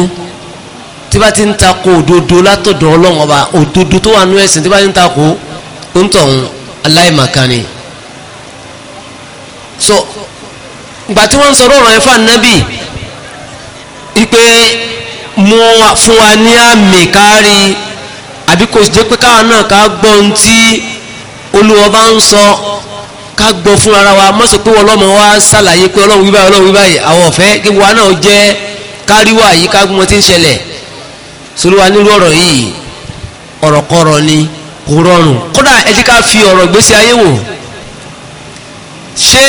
tí bá ti ń ta ko òdodo látọ̀dọ̀ ọlọ́run ọba òdodo tó wà nú ẹ̀sìn tí bá ti ń ta ko ó ń tọ̀hún aláìmọ̀kan ni. so ìgbà tí wọ́n ń sọ ọ̀rọ̀ yẹn ipe mú fún wa ní àmì kárí àbí kò jẹ́ pé káwọn náà ká gbọ́ ohun tí olúwa bá ń sọ ká gbọ́ fún ara wa mọ́sọ̀ pé wọ́n lọ́mọ wá ṣàlàyé pé ọlọ́run wíbáyìí ọlọ́run wíbáyìí àwọn ọ̀fẹ́ kí wa náà jẹ́ káríwá yìí ká gbọ́n tí ń ṣẹlẹ̀ sóríwá nírú ọ̀rọ̀ yìí ọ̀rọ̀ kọ̀rọ̀ ni kò rọrùn kódà ẹ ti ká fi ọ̀rọ̀ gbésí ayé wò ṣé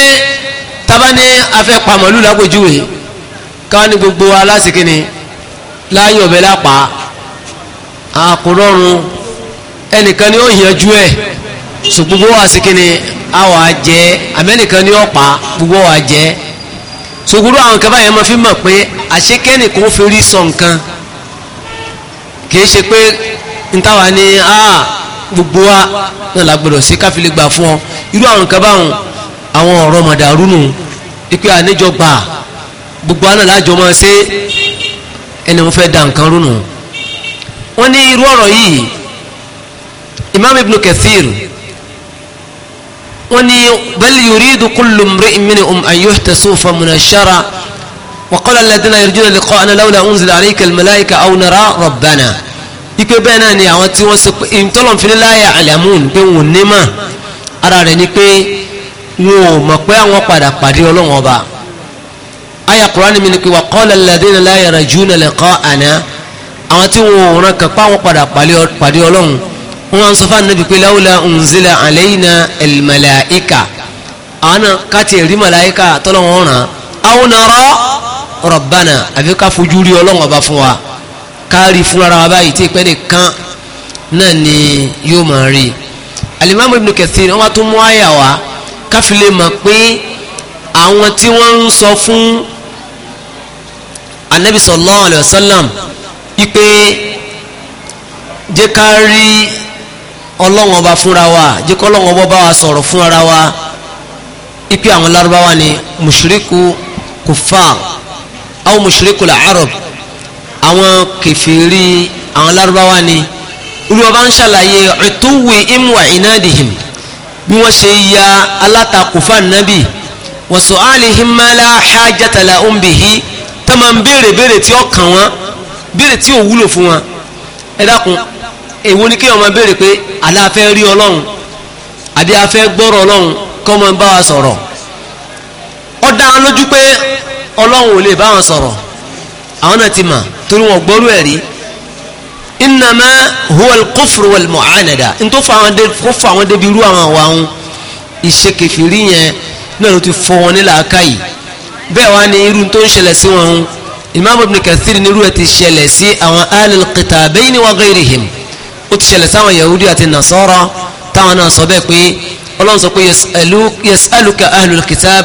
tábà ní afẹ́ pàmọ́lù lápòjúwe káwọn ní gbogbo alásìkíni láyé ọ̀bẹ lápá àkùrọ̀rùn ẹnìkan ni ó yanjú ẹ̀ sọ gbogbo àsìkíni àwọn àjẹ́ amẹ́nìkan ni ó pa gbogbo àjẹ́ sogoro àwọn kan báyẹn máa fi mọ̀ pé àṣekẹ́nì kò fi sọ nǹkan kìí ṣe pé ntàwa ni gbogbo wa náà la gbọdọ̀ sí káfílẹ̀ gbà fún ọ irú àwọn kan báwọn àwọn ọ̀rọ̀ mọ̀dàrú nù ipe àníjọba gbogbo àná lájọ máa ṣe ẹni wọn fẹ́ da nǹkan rúnù wọn ní irú ọ̀rọ̀ yìí imam ibn kathir wọn ní bal yuridu kullu mri'in minhum an yuhtasu famuna shara وقال الذين يرجون لقاءنا لولا أنزل عليك الملائكة أو نرى ربنا ipe bẹ́ẹ̀ náà ni àwọn tí wọ́n sọ pé ìtọ́lọ̀ fi láyà àlẹ́mùn pé wọn ní mọ̀ ara rẹ̀ ni pé wọn mọ̀ pé àwọn padà pàdé ọlọ́wọ́n ọba aya Qur'an mi ni pé wa qala alladhina la yarjuna liqa'ana àwọn tí wọn ò ràn kàn pa àwọn padà pàdé ọlọ́run wọn ń sọ fún anabi pé laula unzila alayna al-malaika àwọn káti ẹ̀rí màláìka tọ́lọ́ wọn àwọn nara rabbana àfi ká fojú rí ọlọ́run ọba fún wa kárí fún ara wa báyìí tí ìpẹ́ nìkan náà ni yóò máa rí alimami ibn Kathir wọn tún mú àyà wá káfílẹ̀ mọ̀ pé àwọn tí wọ́n ń sọ fún anabi sallallahu alayhi wa sallam ipe jẹ́ ká rí ọlọ́wọ́n ọba fúnra wa jẹ́ kọ́ ọlọ́wọ́n ọba bá wa sọ̀rọ̀ fúnra wa ipe àwọn lárúbáwá ni mushriku kufar aw mushriku la arab àwọn kẹfìrí àwọn lárúbáwá ni olùwọ́ba ń ṣàlàyé ẹ̀tọ́wé imwa inadihim bí wọ́n ṣe ya alátakùfà nàbì wa su'alihim ma la hajata um tó máa ń béèrè béèrè tí ó kàn wọ́n béèrè tí ò wúlò fún wọn ẹ dákun èwo ni kéèyàn máa béèrè pé àlẹ́ afẹ́ rí ọlọ́run àdé afẹ́ gbọ́rọ̀ ọlọ́run kọ́ máa ń bá wa sọ̀rọ̀ ó dá wọn lójú pé ọlọ́run ò lè bá wọn sọ̀rọ̀ àwọn náà ti mà torí wọn gbọ́rú ẹ̀ rí innama huwa al-kufru wal-mu'anada n àwọn débi irú àwọn àwọn ìṣekèfìrí yẹn náà ló ti fọ wọn nílà bẹ́ẹ̀ wá ní irú tó ń ṣẹlẹ̀ sí wọn imam ibn kathir ní irú ẹ̀ ti ṣẹlẹ̀ sí àwọn alil qitabayni wa ghayrihim ó ti ṣẹlẹ̀ sáwọn yahudi àti nasara táwọn náà sọ bẹ́ẹ̀ pé ọlọ́run sọ pé yasaluka ahlul kitab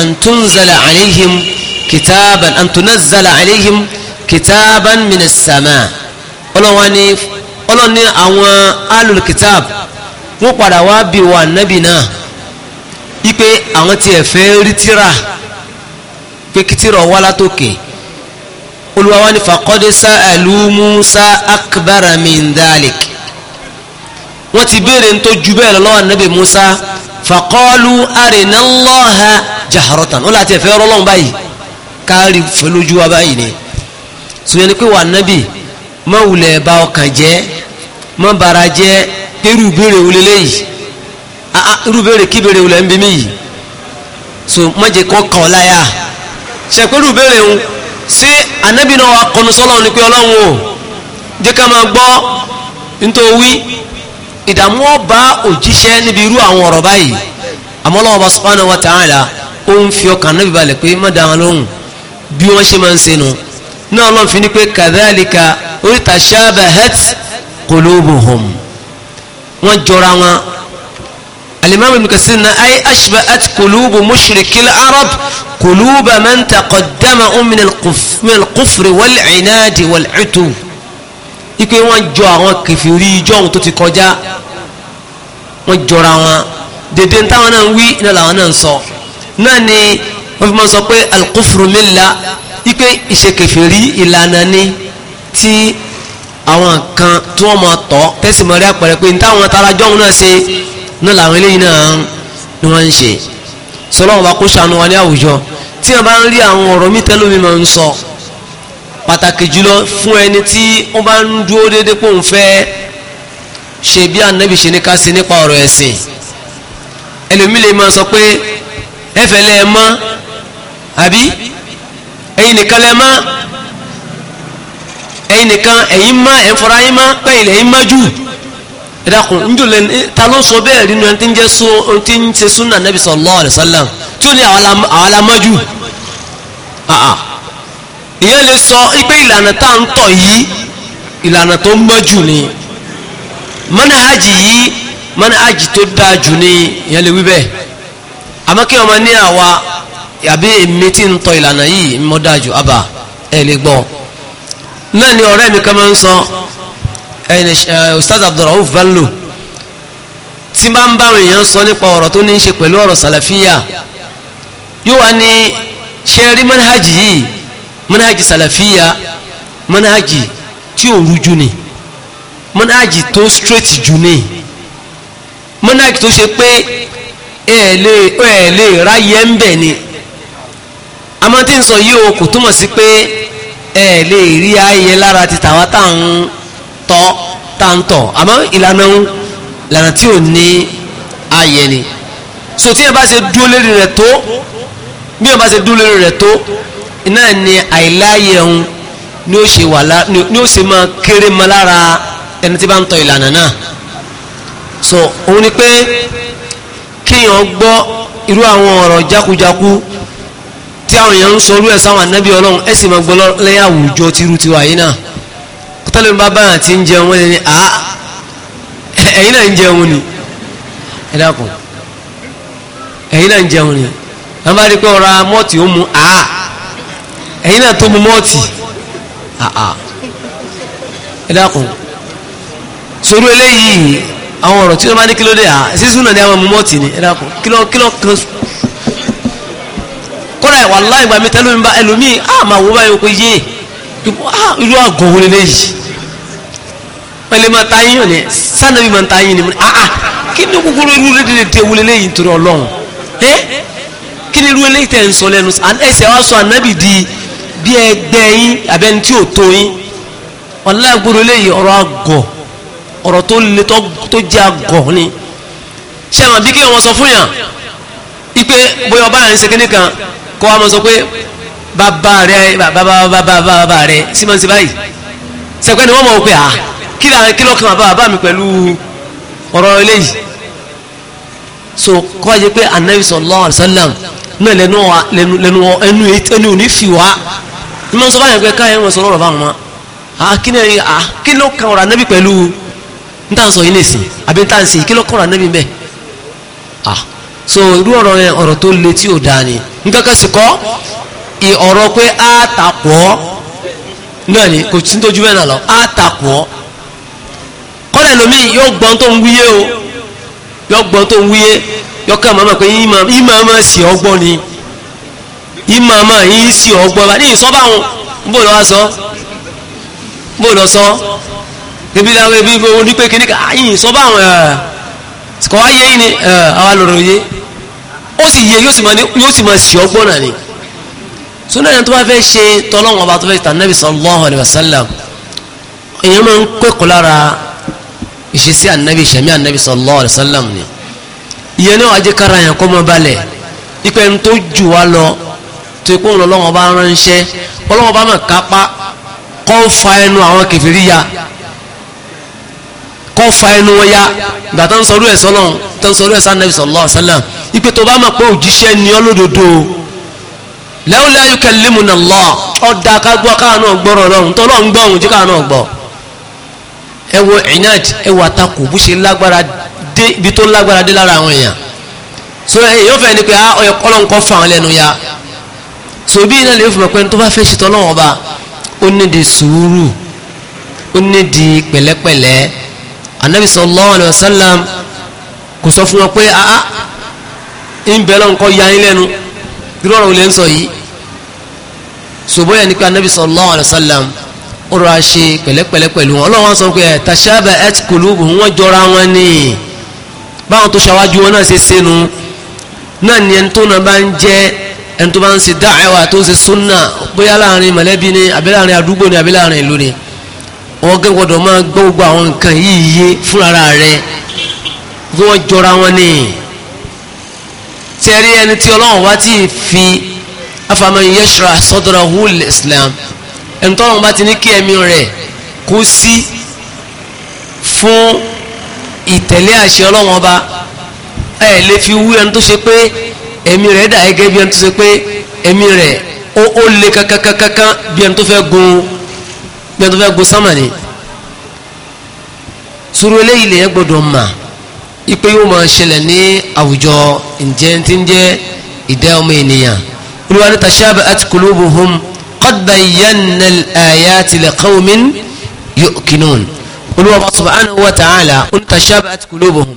an tunzala alayhim kitaban an tunazzala kitaban min ọlọ́run ní àwọn ahlul wọ́n padà wá bí wa nabi náà wípé àwọn tiẹ̀ fẹ́ rí pé kìtìrọ̀ wá látòkè olúwa wa ní faqad sa'alu Musa akbara min dhalik wọ́n ti béèrè tó ju bẹ́ẹ̀ lọ́wọ́ ànábì Musa faqalu arina Allaha jahratan ó láti ẹ̀fẹ́ ọlọ́run báyìí káàrí fẹlójú wa báyìí ni sùnyẹn ni pé wà nábì má wulẹ̀ ba ọkàn jẹ́ má bara jẹ́ irú béèrè wulẹ̀ léyìí irú béèrè kí béèrè wulẹ̀ ń bí mi yìí so má jẹ́ kọ́ kàn láyà ṣẹ̀pẹ́rù béèrè ń sí anábì náà wà kọnu sọ́lọ́run ni pé ọlọ́run o jẹ́ ká máa gbọ́ nítorí ìdààmú ọba òjíṣẹ́ níbi irú àwọn ọ̀rọ̀ báyìí àmọ́ Ọlọ́hun Ọba subhanahu wa ta'ala ó ń fi ọkàn anábì balẹ̀ pé má da wọn lóhùn bí wọ́n ṣe máa ń ṣe nu náà ọlọ́run fi ní pé kadhalika oríta shabahat qulubuhum wọ́n jọra wọn alimami ibn kasir na ay ashba'at kulubu mushrikil arab kuluba man taqaddama um min alqufri wal inaadi wal cutu ipe wọn jọ àwọn kẹfìrí ijọ ohun tó ti kọjá wọn jọra wọn dèdè táwọn náà ń wí iná làwọn náà ń sọ náà ni wọn fi máa sọ pé alqufru milla ipe ìṣekẹfìrí ìlànà ni tí àwọn kan tí wọn máa tọ tẹsí mọ rí àpẹẹrẹ pé ní táwọn tarajọ́ òun náà ṣe náà làwọn eléyìí náà ni wọ́n ń ṣe sọlọ́wọ́n bá kó sànù wa ní àwùjọ tí wọ́n bá ń rí àwọn ọ̀rọ̀ mi tẹ́lómi máa ń sọ pàtàkì jùlọ fún ẹni tí wọ́n bá ń dúró déédéé pò ń fẹ́ ṣe bí ànábì ṣe ní ká ṣe nípa ọ̀rọ̀ ẹ̀sìn ẹlòmí máa sọ pé ẹfẹ̀ lẹ́ ẹ mọ́ àbí ẹ̀yin nìkan lẹ́ mọ́ ẹ̀yin nìkan ẹ̀yin mọ́ ẹ̀ ń fọra yín mọ́ pẹ́yìn lẹ́yìn mọ́ jù ẹ̀dàkùn njòlẹ̀ ta ló sọ bẹ́ẹ̀ rí nu tí ń jẹ́ so ẹni tí ń ṣe súnà nẹ́bí sallallahu alaihi wasallam tí ó ní àwọn alámọ́jú ìyẹn lè sọ pé ìlànà tá à ń tọ̀ yìí ìlànà tó mọ́jú ni mọ́nàájì yìí mọ́nàájì tó dáa jù ni ìyẹn lè wí bẹ́ẹ̀ àmọ́ kí ọmọ ní àwa àbí èmi tí ń tọ̀ ìlànà yìí mọ́ dáa jù àbá ẹ̀ lè gbọ́ náà ni ọ̀rẹ́ mi kan máa ń sọ ẹni eh, ustaz abdulrahuf bello tí bá ń báwọn èèyàn sọ nípa ọ̀rọ̀ tó ní í ṣe pẹ̀lú ọ̀rọ̀ sàlàfíà yóò wá ní ṣe rí manhaji yìí manhaji sàlàfíà manhaji tí ò rújú ni manhaji tó straight jù ni manhaji tó ṣe pé ẹ lè ẹ lè ráyẹ ń bẹ̀ ni àmọ́ tí ń sọ yìí o kò túmọ̀ sí pé ẹ lè rí ayẹ lára ti tàwa táwọn tọ́ táǹtọ̀ àmọ́ ìlànà ń ìlànà tí ò ní ààyè ni so tí yẹn bá ṣe dúró lérí rẹ̀ tó bí yẹn bá ṣe dúró lérí rẹ̀ tó iná ni àìláyè ń ni ó ṣe wà lá ni ó ṣe máa kéré mọ́ lára ẹni tí bá ń tọ ìlànà náà so òun ni pé kéèyàn gbọ́ irú àwọn ọ̀rọ̀ jákujáku tí àwọn èèyàn ń sọ orú ẹ̀ sáwọn ànábì ọlọ́run ẹ̀ sì máa gbọ́ lẹ́yà àwùjọ tìrú tiwa yìí náà tọ́lẹ̀ bá báyà tí ń jẹun wọ́n ní à ẹ̀yin náà ń jẹun ni ẹ dákun ẹ̀yin náà ń jẹun ni wọ́n bá rí pé ọ̀rọ̀ mọ́ọ̀tì ó mu a ẹ̀yin náà tó mu mọ́ọ̀tì a ẹ dákun sórí eléyìí àwọn ọ̀rọ̀ tí wọ́n bá ní kí ló dé à sísun náà ni àwọn mu mọ́ọ̀tì ni ẹ dákun kí ló kí ló kan kọ́ra ẹ̀ wàláhì ìgbà mi tẹ́lómi bá ẹlòmíì àmà wo báyìí ó kó yé irú àgọ̀ lélẹ́yìí pẹ̀lú ma ta yín ni sanabi ma ta yín ni mo ah ah kí ni kúkúrú irú lédè lè tẹ wulẹ̀ léyìn torí ọlọ́run ẹ eh? kí ni irú eléyìí tẹ̀ ń sọ lẹ́nu ẹsẹ̀ wa sọ anabi di bí ẹgbẹ́ yín abẹ́ni tí ò tó yín ọ̀làgbọ́dọ̀ léyìí ọ̀rọ̀ àgọ̀ ọ̀rọ̀ tó le tó jẹ́ àgọ̀ ni ṣé àwọn bí kí wọ́n sọ fún yàn ipe bóyá ọba àrùn ṣèkínní kan kọ́ wa mọ̀ sọ pé bàbá rẹ bàbá bàbá bàbá rẹ símọ̀ sí báyìí sẹ́pẹ́ ni mọ̀ wọ́n pé ah kí láàrin kí lọ́kàn bàbá bàbá mi pẹ̀lú ọ̀rọ̀ eléyìí so kọ́ jẹ́ pé anabi sallallahu alaihi wasallam náà lẹ́nu ẹnu e, ẹnu òní fi wá ní wọ́n sọ báyìí pé káyọ̀ wọn sọ lọ́rọ̀ báwọn mọ́ kí ni kí ló kan ọ̀rọ̀ anabi pẹ̀lú ah so irú ọ̀rọ̀ yẹn ọ̀rọ̀ tó le tí ò dáa ni náà ni kò sí tójú bẹ́ẹ̀ náà lọ á kọ́lẹ̀ lómi yóò gbọ́n tó ń wíyé o yóò gbọ́n tó ń wíyé yóò kà máa pé ìmọ̀ ọmọ sì ọgbọ́n ni ìmọ̀ ọmọ yìí sì ọgbọ́n bá ní ìsọ́bà wọn bó lọ sọ bó lọ sọ ebi láwọn ebi wọn ní pé kíní ká yìí ìsọ́bà wọn kọ́ wáyé yìí ni àwa lọ́rọ̀ yé ó sì yẹ yóò sì máa sì ọgbọ́n náà ni sunna yẹn tó bá fẹ́ ṣe tọ́lọ́wọ́n ọba tó fẹ́ tà nẹ́bí sallallahu alaihi wasallam ìṣesí ànábì ìṣẹ̀mí ànábì sallallahu alaihi wasallam ni ìyẹn náà ajé kára yẹn kọ́ mọ́ balẹ̀ ipe ń tó jù wá lọ tó ikú ńlọ lọ́wọ́ bá ránṣẹ́ ọlọ́wọ́ bá mọ̀ kápá kọ́ fa ẹnu àwọn kẹfìrí ya kọ́ fa ẹnu wọn ya gbà tó ń sọ rúẹ̀ sọ́lọ́ tó ń sọ rúẹ̀ sọ́lọ́ ànábì sallallahu alaihi wasallam tó bá mọ̀ pé òjíṣẹ́ ni ọlódodo lawla yukallimuna Allah ọ̀dà ká gbọ́ káà náà gbọ́rọ̀ lọ́run tó lọ́n gbọ́run ẹ wo inad ẹ wo àtakò bó ṣe lágbára dé ibi tó lágbára dé lára àwọn èèyàn so èèyàn fẹ́ ni pé a ah, ọyọ kọ́lọ́ nǹkan fún àwọn lẹ́nu ya so bí iná lè fún mi pé tó bá fẹ́ ṣètò ọlọ́wọ́n ọba ó ní di sùúrù ó ní di pẹ̀lẹ́pẹ̀lẹ́ anabi sallallahu alayhi wa sallam kò sọ fún wọn pé a ah, ah, ń bẹ lọ́nkọ́ ya yín lẹ́nu irú ọ̀rọ̀ wò lè ń sọ yìí so bóyá ni pé anabi sallallahu alayhi wa sallam ó rọra ṣe pẹ̀lẹ́pẹ̀lẹ́ pẹ̀lú wọn ọlọ́run sọ pé tashabahat qulubuhum wọ́n jọra wọn ni báwọn tó ṣàwájú wọn náà ṣe sẹ́nu náà ni ẹni tó náà bá ń jẹ́ ẹni tó bá ń ṣe dáhẹ́wà tó ń ṣe súnà bóyá láàrin mọ̀lẹ́bí ni àbí láàrin àdúgbò ni àbí láàrin ìlú ni wọ́n gẹ́ gbọ́dọ̀ máa gbọ́ gbogbo àwọn nǹkan yìí yé fúnra rẹ̀ bí wọ́n jọra wọn ni tẹ̀rí ẹni tí ọlọ́run wá ti fi afaman yashra sadrahu lil islam ẹ̀ńtọ́rọ̀ bá ti ní kí ẹ̀mí rẹ̀ kó sí fún ìtẹ̀lé àṣẹ ọlọ́wọ́n ọba ẹ̀ lè fi wú ẹni tó ṣe pé ẹ̀mí rẹ̀ dà gẹ́gẹ́ bí ẹni tó ṣe pé ẹ̀mí rẹ̀ ó ó le kankankankan bí ẹni tó fẹ́ gun bí ẹni tó fẹ́ gun sámàní sùúrù eléyìí lè yẹ gbọdọ̀ mà ipe yóò máa ṣẹlẹ̀ ní àwùjọ ǹjẹ́ ti ń jẹ́ ìdá ọmọ ènìyàn olúwa ní tashabahat qulubuhum قد بينا الآيات لقوم يؤكنون قل هو سبحانه وتعالى قل تشابهت قلوبهم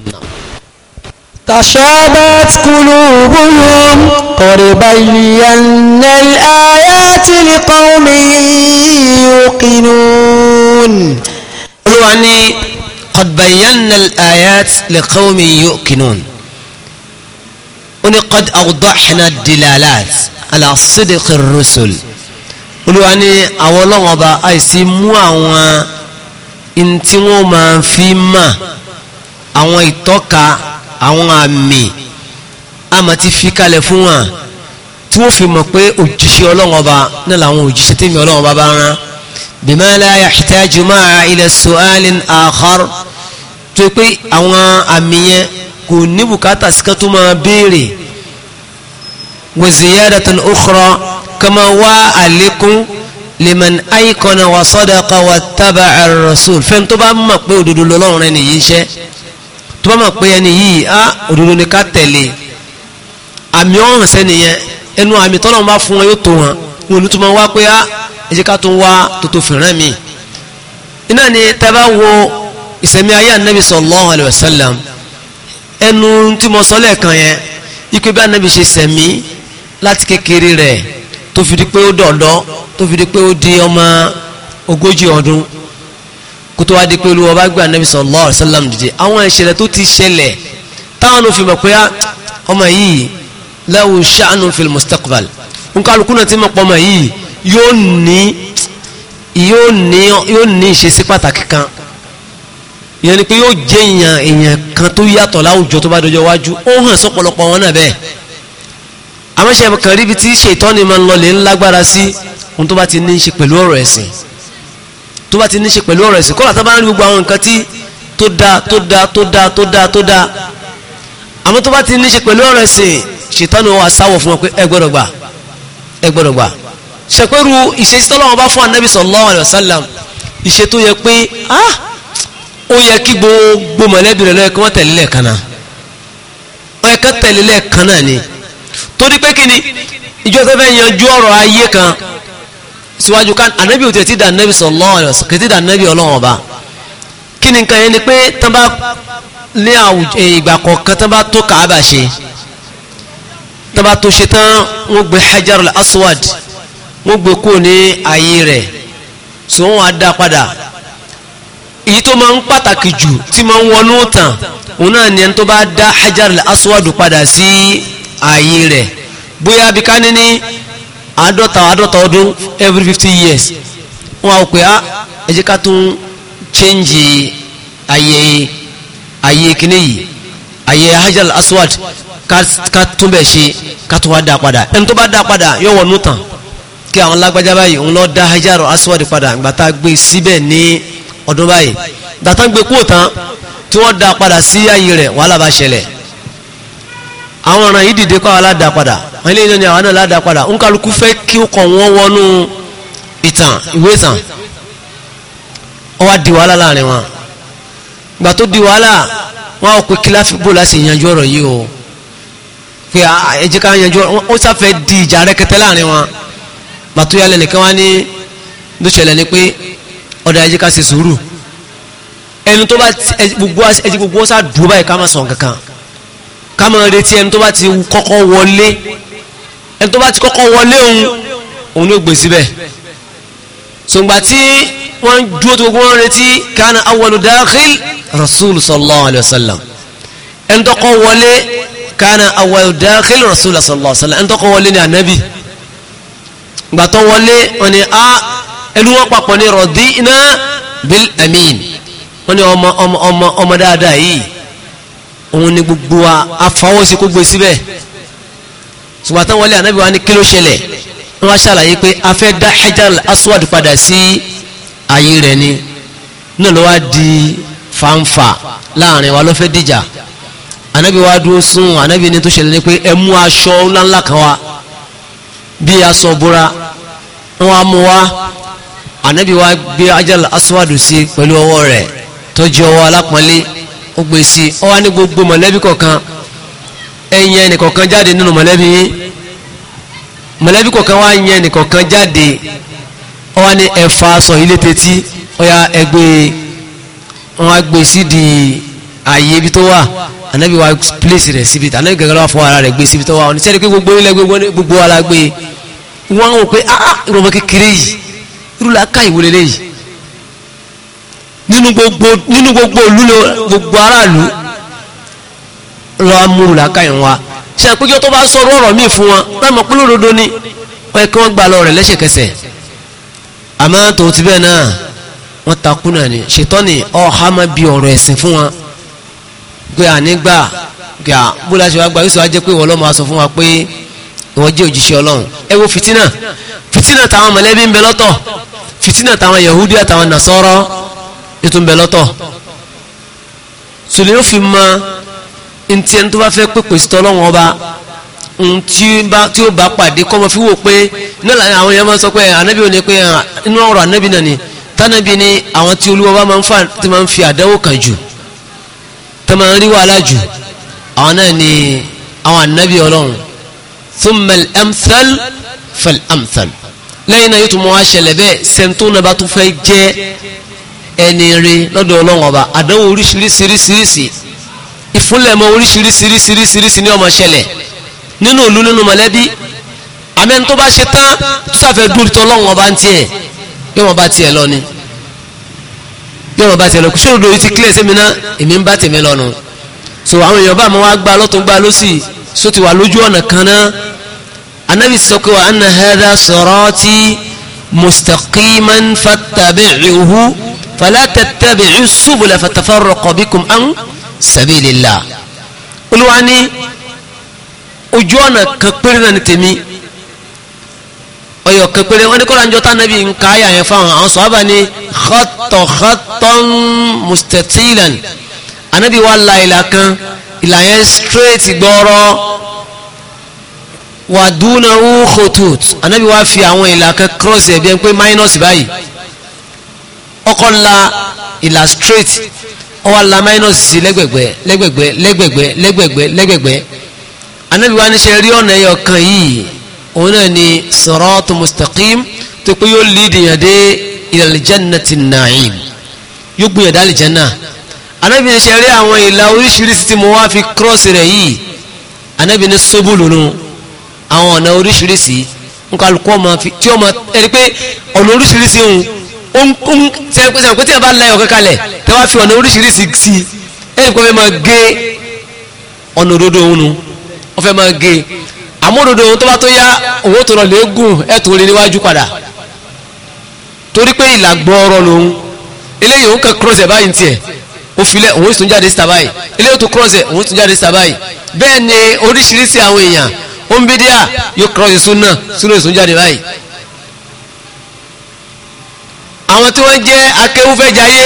تشابهت قلوبهم قد بينا الآيات لقوم يوقنون يعني قد بينا الآيات لقوم يؤكنون قل قد أوضحنا الدلالات على صدق الرسل olúwa ní àwọn ọlọ́run ọba àìsí mú àwọn ntí wọ́n máa fi mà àwọn ìtọ́ka àwọn àmì àmọ́ ti fi kalẹ̀ fún wa tí wọ́n fi mọ̀ pé òjíṣẹ́ ọlọ́run ọba náà làwọn òjíṣẹ́ tèmi ọlọ́run ọba bá rán bima la yahtaju ma'a ila akhar tó pé àwọn àmì yẹn kò ní bùkátà sí béèrè. وزيادة أخرى كما وعليكم لمن أيقن وصدق واتبع الرسول فهم تبا ما قوي دودو لولون رني ينشي تبا ما قوي يعني يي آه ودودو نكاتلي àmì ọ̀hún sẹ́ni yẹn ẹnu àmì tọ́lọ́run bá fún wọn yóò tó wọn wọn olú tó máa wá pé á ẹ jẹ́ ká tó wá tòtò fìràn mi. iná ni tẹ́ bá wo ìsẹ̀mí ayé anabi sallallahu alayhi wa sallam ẹnu tí mo sọ lẹ́ẹ̀kan yẹn ikú bí anabi ṣe sẹ̀mí láti kékeré rẹ̀ tó fi di pé ó dọ̀dọ́ tó fi di pé ó di ọmọ ogójì ọdún kó tó wá di pé olúwa bá gbé anabi sallallahu alaihi wasallam dìde àwọn ìṣẹ̀lẹ̀ tó ti ṣẹlẹ̀ táwọn òfin mọ̀ pé ah, ọmọ yìí lahu sha'nun fil mustaqbal nkálukú náà ti mọ̀ pọ̀ ọmọ yìí yóò ní yóò ní yóò ní ìṣesí pàtàkì kan ìyẹn ni pé yóò jẹ́ èèyàn èèyàn kan tó yàtọ̀ láwùjọ tó bá dọjọ́ iwájú ó hàn sọ́pọ̀lọpọ̀ wọn náà bẹ́ẹ̀ àmọ́ṣe kan ríbi tí ṣètọ́ni máa ń lọlẹ̀ ńlágbára sí ohun tó bá ti ní í ṣe pẹ̀lú ọ̀rọ̀ ẹ̀sìn tó bá ti ní í ṣe pẹ̀lú ọ̀rọ̀ ẹ̀sìn kọ́lá tó bá ń rí gbogbo àwọn nǹkan tí tó dáa tó dáa tó dáa tó dáa tó dáa àmọ́ tó bá ti ní ṣe pẹ̀lú ọ̀rọ̀ ẹ̀sìn ṣètọ́ni wọn àsáwọ̀ fún wọn pé ẹ gbọ́dọ̀ gbà ẹ gbọ́dọ̀ wasallam ìṣe tó yẹ pé ah ó yẹ kí gbogbo mọ̀lẹ́bí rẹ̀ lọ́yẹ ni torí pé kí ni ìjọ tó fẹ́ yanjú ọ̀rọ̀ ayé kan síwájú ká ànábì òtí ẹ̀tí dànábì sallallahu alaihi wasallam kìtì dànábì ọlọ́wọ́n ọba ni nǹkan yẹn ni pé tán bá ní eh, ìgbà kọ̀ọ̀kan tán bá tó kàábà ṣe tán bá tó ṣe tán wọ́n gbé hajar al-aswad wọ́n gbé ní ayé rẹ̀ so wọ́n á padà èyí tó máa ń pàtàkì jù tí máa ń wọnú tàn òun náà ni ẹni tó bá dá hajar al-aswad padà sí ààyè rẹ̀ bóyá bí ká ní ní àádọ́ta àádọ́ta ọdún every fifty years wọ́n á pè á ah, ẹ jẹ́ ká tún change ààyè ààyè kíní yìí ààyè hajjal aswad ká tún bẹ̀ ṣe ká tún wá dá padà ẹni tó bá dá padà yóò wọnú tán kí àwọn lágbájá báyìí ń lọ dá hajjal aswad padà gbàtà gbé síbẹ̀ ní ọdún báyìí gbàtà gbé kúrò tán tí wọ́n dá padà sí ààyè rẹ̀ wàhálà bá ṣẹlẹ̀ àwọn ọ̀ràn yìí dìde kọ́ àwọn aládàá padà wọ́n ilé ìjọ ni àwọn náà aládàá padà ń kálukú fẹ́ kí ó kọ̀ wọ́n wọnú ìtàn ìwé ìtàn ó wá di wàhálà láàrin wọn ìgbà tó di wàhálà wọn á pè kíláàfì bò láti yanjú ọ̀rọ̀ yìí o pé ẹ ká yanjú ó sáfẹ́ di ìjà rẹ́kẹtẹ́ láàrin wọn ìgbà tó yálẹ̀ nìkan wá ní ló ṣẹlẹ̀ ni pé ọ̀dà ẹ jẹ́ ká ṣe sùúrù ẹnu tó bá ẹ ti gbogbo ọ sá dùn báyìí ká má sàn kankan ká máa retí ẹni tó bá ti kọ́kọ́ wọlé ẹni tó bá ti kọ́kọ́ wọlé òun òun ló gbé síbẹ̀ sògbà tí wọ́n dúró tó gbọ́n retí kana awwalu dakhil rasul sallallahu alayhi wa sallam ẹni tó kọ́ wọlé kana awwalu dakhil rasul sallallahu alayhi wa sallam ẹni tó kọ́ wọlé ni anabi gbàtọ́ wọlé wọn ni a ẹnu wọn papọ̀ ni rọ̀dí iná bil amin wọn ni ọmọ ọmọ ọmọ ọmọ dáadáa yìí òun ni gbogbo wa afọwọ́sí kó gbé síbẹ̀ ṣùgbọ́n táwọn wọlé ànábì wa ní kí ló ṣẹlẹ̀ wọ́n wá ṣàlàyé pé a fẹ́ dá hajar aswad padà sí ààyè rẹ̀ ni náà ló wá di fanfa láàrin wa ló fẹ́ dìjà ànábì wa dúró sún ànábì ní tó ṣẹlẹ̀ ni pé ẹ mú aṣọ ńláńlá kan wá bí aṣọ búra wọ́n á mú wá ànábì wa gbé hajar aswad sí pẹ̀lú ọwọ́ rẹ̀ tó ọwọ́ alápọ̀nlé ó gbé sí ọ wá ní gbogbo mọ̀lẹ́bí kọ̀ọ̀kan ẹ̀yìn ẹnìkọ̀ọ̀kan jáde nínú mọ̀lẹ́bí yín mọ̀lẹ́bí kọ̀ọ̀kan wá yẹn ẹnìkọ̀ọ̀kan jáde ọ wá ní ẹ̀fà sọ ilé tetí ọya ẹgbẹ́ wọn á gbé e. e sídìí ààyè ibi tó wà ànábì wa pílẹ̀sì rẹ̀ síbi ànábì gẹ́gẹ́ lọ́wọ́ fún ara rẹ̀ gbé síbi tó wà oníṣẹ́ pé gbogbo ilẹ̀ gbogbo wa la gbé e? wọ́n á wò pé ah ìrọ̀mọ́ ah, kékeré yìí irú la ká ìwúlélẹ́yìí nínú gbogbo nínú gbogbo olú gbogbo aráàlú lọ amúrù làákàyìn wa ṣe àpéjọ tó bá sọ̀rọ̀ ọ̀rọ̀ míì fún wọn láì mọ̀ pé lódodo ni wọn kí wọn gbà lọ rẹ̀ lẹ́sẹ̀kẹsẹ̀ àmọ́ tó ti bẹ́ẹ̀ náà wọn takú náà ni ṣètọ́ni ọ̀há máa bi ọ̀rọ̀ ẹ̀sìn fún wọn pé ànígbà gbà bó la ṣe wá gba yóò sọ wá jẹ́ pé ìwọ lọ́mọ aṣọ fún wa pé ìwọ jẹ́ òjíṣẹ́ Ọlọ́run ẹ wo fìtínà fìtínà táwọn mọ̀lẹ́bí ń bẹ lọ́tọ̀ fìtínà táwọn Yahudi àtàwọn Nasara ìtúnbẹ̀ lọ́tọ̀ sùlẹ̀ yóò fi mọ ntí ẹni tó bá fẹ́ pèpè sí tọ́lọ́wọ́n ọba ntí tí ó bá pàdé kọ́mọ fi wò pé náà làwọn àwọn yẹn máa sọ pé ànábì ò ní pé inú ọ̀rọ̀ ànábì náà ni tánàbì ni àwọn tí olúwa bá máa ń fi àdánwò kàn jù tó máa ń rí wàhálà jù àwọn náà ni àwọn ànábì ọlọ́run thumma amthal fal-amthal lẹ́yìn náà yóò tún mọ́ wá bẹ́ẹ̀ sẹ́ńtò náà bá tún fẹ́ jẹ́ ẹni rí lọ́dọ̀ ọlọ́run ọba àdánwò oríṣiríṣiríṣiríṣi ìfúnlẹ̀mọ oríṣiríṣiríṣiríṣi ní ọmọ ṣẹlẹ̀ nínú ìlú nínú mọ̀lẹ́bí amẹ́ni tó bá ṣe tán tó sàfẹ́ dúró tó ọlọ́run ọba ń tiẹ̀ yóò wọ́n bá tiẹ̀ lọ ni yóò wọ́n bá tiẹ̀ lọ kò ṣòro lórí ti kílẹ̀ sẹ́mi náà èmi ń bá tèmi lọ́nu so àwọn èèyàn bá mi wá gba lọ́tún gba lọ́sì so ti wà lójú ọ̀nà kan náà anabi sọ pé wa anna hadha sirati mustaqiman fattabi'uhu فلا tattabi'u السبل فتفرق بكم عن سبيل olúwa ní ojú ọ̀nà kan péré náà ní tèmi ọyọ kan péré wọn ní kọ́ra ń jọ tánàbí nǹka ayà yẹn fáwọn àwọn sọ́ọ́bà ní khattan khattan mustatilan anabi wa la ìlà kan ìlà yẹn straight gbọ́rọ́ wàdúnà ó khutut anabi wa fi àwọn ìlà kan cross ẹ̀ bí ẹ minus báyìí ọkọ̀ la ìlà straight ọwọ́ la minus sí lẹ́gbẹ̀gbẹ́ lẹ́gbẹ̀gbẹ́ lẹ́gbẹ̀gbẹ́ lẹ́gbẹ̀gbẹ́ lẹ́gbẹ̀gbẹ́ anabi wa ni ṣe rí ọ̀nà ẹ̀yọ̀ kan yìí òun náà ni siratu mustaqim tó pé yóò lead yàn dé ila aljannati na'im yóò gbìyànjú àlìjánà anabi ni ṣe rí àwọn ìlà oríṣiríṣi tí mo wá fi cross rẹ̀ yìí anabi ni sobolo nu àwọn ọ̀nà oríṣiríṣi nǹkan alukó ọmọ tí ọmọ ẹni pé ọ̀nà oríṣiríṣi òun ohun sẹ́wọ̀n pé tí wọ́n bá la ẹ̀yọ̀ kankalẹ̀ tẹ́ wá fi ọ̀nà oríṣiríṣi sí i ẹ̀yìn kan fẹ́ máa gé ọ̀nà òdodo òun nu wọ́n fẹ́ máa gé àmúdodo òun tó bá tó yá owó tó lọ léegun ẹ̀tún lé níwájú padà torí pé ìlà gbọ́ọ̀rọ̀ lòun eléyìí òun kan cross ẹ̀ báyìí ń tiẹ̀ ó filẹ̀ òun sùn jáde síta báyìí eléyìí tó cross ẹ̀ òun sùn jáde síta báyìí bẹ́ẹ̀ ni oríṣiríṣi àwọn èèyàn ó ń bí díà yóò cross sunna sunna ìsùn jáde báyìí àwọn tí wọ́n jẹ́ akéwúfẹ́jayé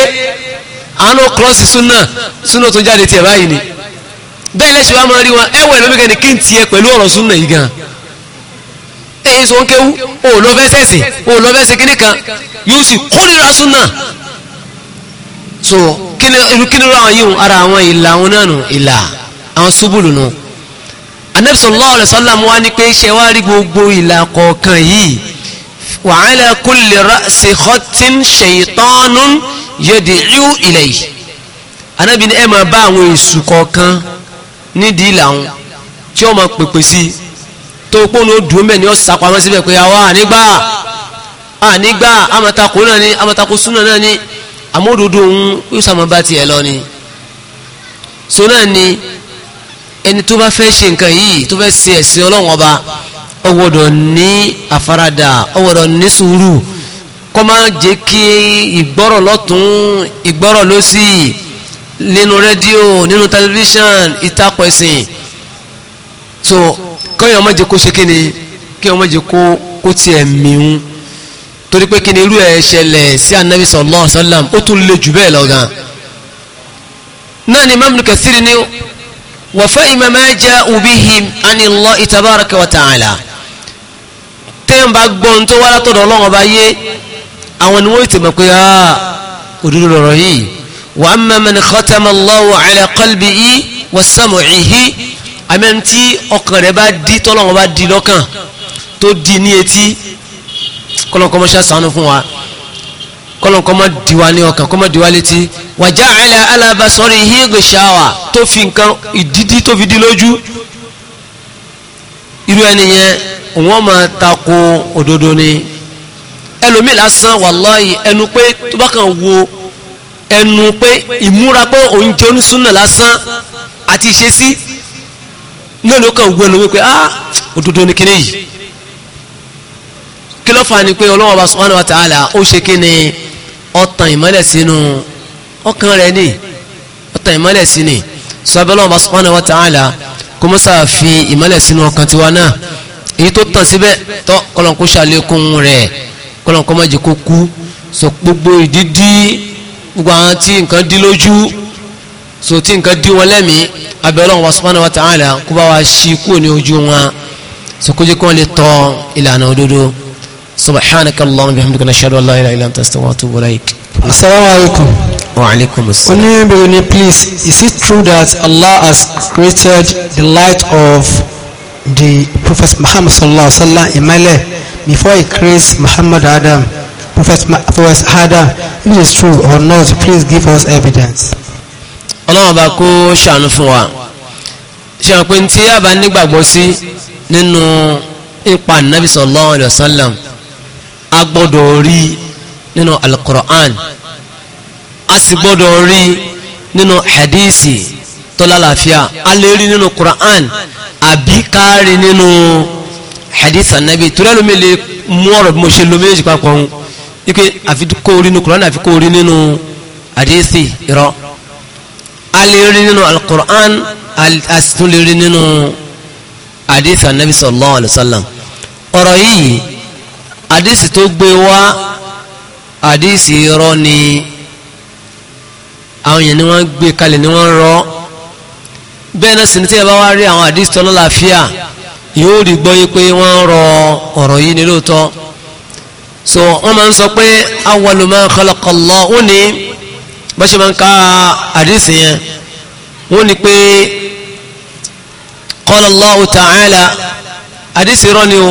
àánú kírọ́ọ̀sì súnà súnà tó jáde tiẹ̀ báyìí ni bẹ́ẹ̀ lẹ́sẹ̀ wá máa rí wọn ẹ̀wẹ̀ lómi kẹ́ni kí n tiẹ̀ pẹ̀lú ọ̀rọ̀ súnà yìí gan ẹ̀yin sọ ń o lọ fẹ́ sẹ̀sìn o lọ fẹ́ sẹ̀kínì kan yóò sì kórìíra súnà so kí ni ráwọn yìí ara àwọn ìlà àwọn náà nù ìlà àwọn súbùlù nù anabi sallallahu alaihi wasallam wá ní pé ṣe wá rí gbogbo ìlà kọ̀ọ̀kan yìí وعلى كل رأس خط شيطان يدعو إليه أنا بن إما باوي bá àwọn èṣù kọ̀ọ̀kan nídìí làwọn tí ó máa pèpè sí i tó pọ́ ní ó dùn mẹ́ ni ó sàpamọ́ síbẹ̀ pé àwa ànígbà ànígbà amatakò náà ni amatakò súnà náà ni amódodo òun ni so náà ni ẹni tó bá fẹ́ ṣe nǹkan yìí tó fẹ́ ṣe ẹ̀sìn Ọlọ́run ọba ó gbọ́dọ̀ ní àfaradà ó gbọ́dọ̀ ní sùúrù kó má jẹ́ kí ìgbọ́rọ̀ lọ́tún ìgbọ́rọ̀ lọ́sì nínú rédíò nínú tẹlifíṣàn ìtakò ẹ̀sìn so kọ́yọ̀ má jẹ́ kó ṣe kíni kí wọ́n má jẹ́ kó kó tiẹ̀ mìíràn torí pé kíni irú ẹ̀ ṣẹlẹ̀ sí anabi Allah, alaihi wasallam ó tún lè jù bẹ́ẹ̀ lọ gan náà ni Imam Kathir ni wa fahima ma ja'u bihi ani Allah tabaraka wa ta'ala tẹ́yìn bá gbọ́ ohun tó wá látọ̀dọ̀ ọlọ́run ọba yé àwọn ni wọ́n ti mọ̀ pé ah, òdodo lọ̀rọ̀ yìí wa amma man khatama Allahu ala qalbihi wa sam'ihi àmẹ́ni tí ọkàn rẹ̀ bá di tọ́lọ́run ọba di lọ́kàn tó di ní etí kọ́lọ́nkọ́ mọ́ ṣàṣàánú fún wa kọ́lọ́nkọ́ mọ́ diwa ní ọkàn kọ́ diwa létí wa ja'ala ala basarihi gishawa tó fi nǹkan ìdídí tó fi di lójú irú ẹni yẹn wọ́n máa tako òdodo ni ẹlòmíì lásán wàláyé ẹnu pé tó bá kàn wo ẹnu pé ìmúra pé òun jẹ́ onísúnà lásán àti ìṣesí náà ló kàn wo ẹlòmíì pé ah òdodo ni kíní yìí kí ló fà ní pé ọlọ́wọ́ bá subhanahu wa ta'ala ó ṣe kí ni ọ̀tàn ìmọ́lẹ̀ sínú ọkàn rẹ̀ ni ọ̀tàn ìmọ́lẹ̀ sí ni sọ abẹ́lọ́wọ́ bá subhanahu wa ta'ala kó mọ́sà fi ìmọ́lẹ̀ sínú ọkàn tiwa náà èyí tó tàn síbẹ̀ tọ́ kọlọ̀kú ṣàlékún rẹ̀ kọlọ̀kú mọ̀jẹ̀ kó kú so gbogbo ìdídí gbogbo àwọn tí nǹkan dí lójú so tí nǹkan dí wọn lẹ́mìí abẹ́ wa subhanahu wa ta'ala kó bá wa ṣí kúrò ní ojú wọn so kó jẹ́ kí wọ́n lè tọ ìlànà òdodo subhanaka allahumma bihamdika nashhadu an la ilaha illa anta astaghfiruka wa atubu ilaik. assalamu alaikum. wa alaikum assalam. oníbẹ̀rẹ̀ ni please is it true that Allah has created the light of the Prophet Muhammad sallallahu alaihi wasallam life, before he creates Muhammad Adam Prophet Prophet Adam if it is true or not please give us evidence. ọlọ́run ọba kó ṣàánú fún wa ṣe àpé tí a bá nígbàgbọ́ sí nínú ipa nabi sallallahu alaihi wasallam a gbọ́dọ̀ rí nínú al-Qur'an a sì gbọ́dọ̀ rí nínú hadisi tó lálàáfíà a lè rí nínú Qur'an àbí káàrí nínú hadith anabi torí ẹlòmí lè mú ọ̀rọ̀ bí mo ṣe lo méjèèjì papọ̀ ń ike àfi kó orí nínú Qur'an àfi kó orí nínú hadisi irọ́ a lè rí nínú al-Qur'an a sì tún lè rí nínú hadith anabi sallallahu alayhi ọ̀rọ̀ yìí hadisi tó gbé wá hadisi irọ́ ni àwọn yẹn ni wọ́n gbé kalẹ̀ ni wọ́n rọ́ bẹ́ẹ̀ náà sì ní tí ẹ bá wá rí àwọn àdìsí tọ́lọ́ làáfíà yóò rí gbọ́ yí pé wọ́n ń rọ ọ̀rọ̀ yìí ní lóòótọ́ so wọ́n máa ń sọ pé awwalu ma Allah ó ní bá ṣe máa ń ka àdìsí yẹn wọ́n ní pé qala Allahu ta'ala àdìsí rọ́ ni o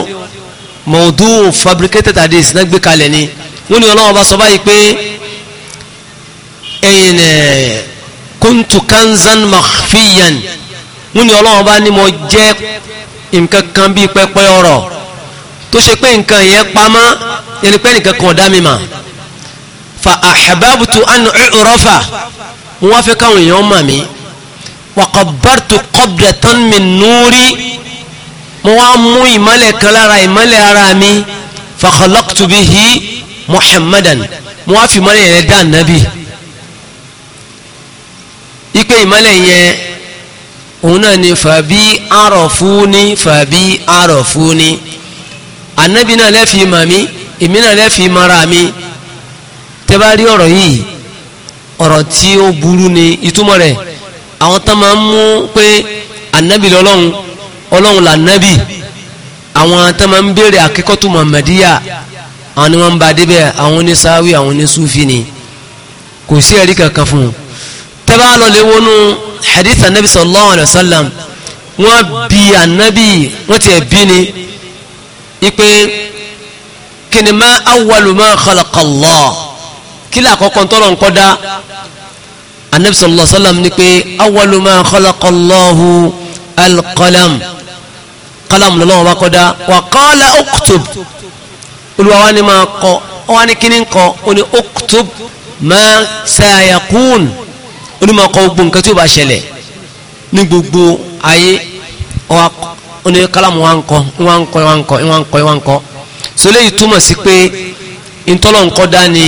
mawdu fabricated hadith náà gbé kalẹ̀ ni wọ́n ní ọlọ́wọ́ bá sọ báyìí pé ẹ̀yìn ẹ̀ẹ́ kuntu kanzan makhfiyan wọ́n ní ọlọ́run bá ní mo jẹ́ nǹkan kan bíi pẹpẹ ọ̀rọ̀ tó ṣe pé nǹkan yẹn pamọ́ yẹni pé nǹkan kan ọ̀dá mi mà fa ahbabtu an u'rafa mo wá fẹ́ káwọn èèyàn mà mí wa qabbartu qabratan min nuri mo wá mú ìmọ́lẹ̀ kan lára ìmọ́lẹ̀ ara mi fa khalaqtu bihi muhammadan mo wá fi ìmọ́lẹ̀ yẹn dá nàbí ipe ìmọ́lẹ̀ yẹn òun náà ni fàbí àrọ̀fúni fàbí àrọ̀fúni ànábì náà lẹ́fì mà mí èmi náà lẹ́fì mara mi tẹ́ bá rí ọ̀rọ̀ yìí ọ̀rọ̀ tí ó burú ni ìtumọ̀ rẹ̀ àwọn tán máa ń mú pé ànábì lọ́lọ́run ọlọ́run lànábì àwọn tán máa ń béèrè akẹ́kọ̀ọ́tù mọ̀mọ́díyà àwọn ni wọ́n ń ba débẹ̀ àwọn onísáwí àwọn onísúfì ni kò sí ẹ̀rí kankan fún un tẹ́bá lọ lè wọnú hadith anabi sallallahu alayhi wa sallam wọ́n bi anabi wọ́n ti bi ni ipe kìnnì ma awwalu ma khalaqa Allah kílà àkọ́kọ́ tọ́lọ̀ nkọ́dá anabi sallallahu alayhi wa sallam ni pé awwalu ma khalaqa Allahu alqalam qalam bá kọ́dá wa qala uktub olùwà ni ma kọ́ ọ wa ni kíni kọ́ ọ ni uktub ma sayakun onímọ̀ kọ gbogbo nǹkan tí ó bá ṣẹlẹ̀ ní gbogbo ayé oní kálámù wa ń kọ wa ń kọ wa ń kọ wa ń kọ wa ń kọ so léyìí túmọ̀ sí pé ntọ́lọ̀ ń kọ́ dá ní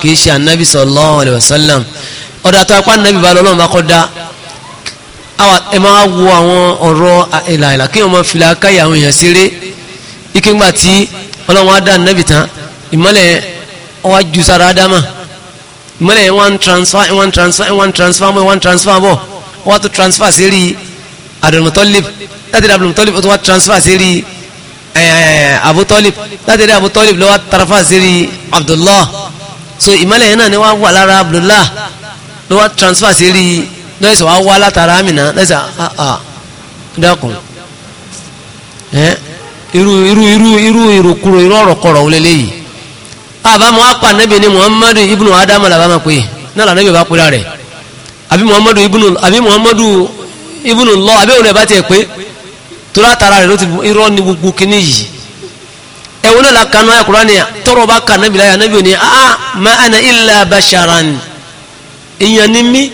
kì í ṣe anabi sallallahu alayhi wa sallam ọ̀dọ̀ àti apá anabi bá lọ́lọ́run bá kọ́ dá ẹ máa wo àwọn ọ̀rọ̀ ìlàìlà kí wọ́n máa fìlà káyà àwọn èèyàn ṣeré ike ńgbà tí ọlọ́run á dá anabi tán ìmọ́lẹ̀ ọwájú sára ádámà ìmọ́lẹ̀ one wọ́n transfer one transfer one transfer bọ́ one transfer bọ́ wọ́n to transfer sí rí àdùnnútọ́lìb láti rí àdùnnútọ́lìb tó wá transfer sí rí àbútọ́lìb láti rí àbútọ́lìb lọ́wọ́ transfer sí rí Abdullah so ìmọ́lẹ̀ yẹn náà ni wọ́n wà lára Abdullah lọ́wọ́ transfer sí rí lọ́sẹ̀ e wá wá látara Amina lọ́sẹ̀ àà dákun irú irú irú irú ìròkúrò irú ọ̀rọ̀kọ̀rọ̀ wọlé léyìí àbámu akọ anabi ni muhammadu ibnu adamu làbámu pé náà lànà yóò bá pé rárẹ̀ àbí muhammadu ibnu àbí muhammadu ibnu lọ àbí òun ẹ̀ bá tiẹ̀ pé tura tara rẹ̀ ló ti irọ́ ni gbogbo kíní yìí ẹ̀wọ̀n náà la kanu ayé kura ni tọrọ bá kanu anabi láyé anabi ni ah ma ana illa basharan ìyàn ni mí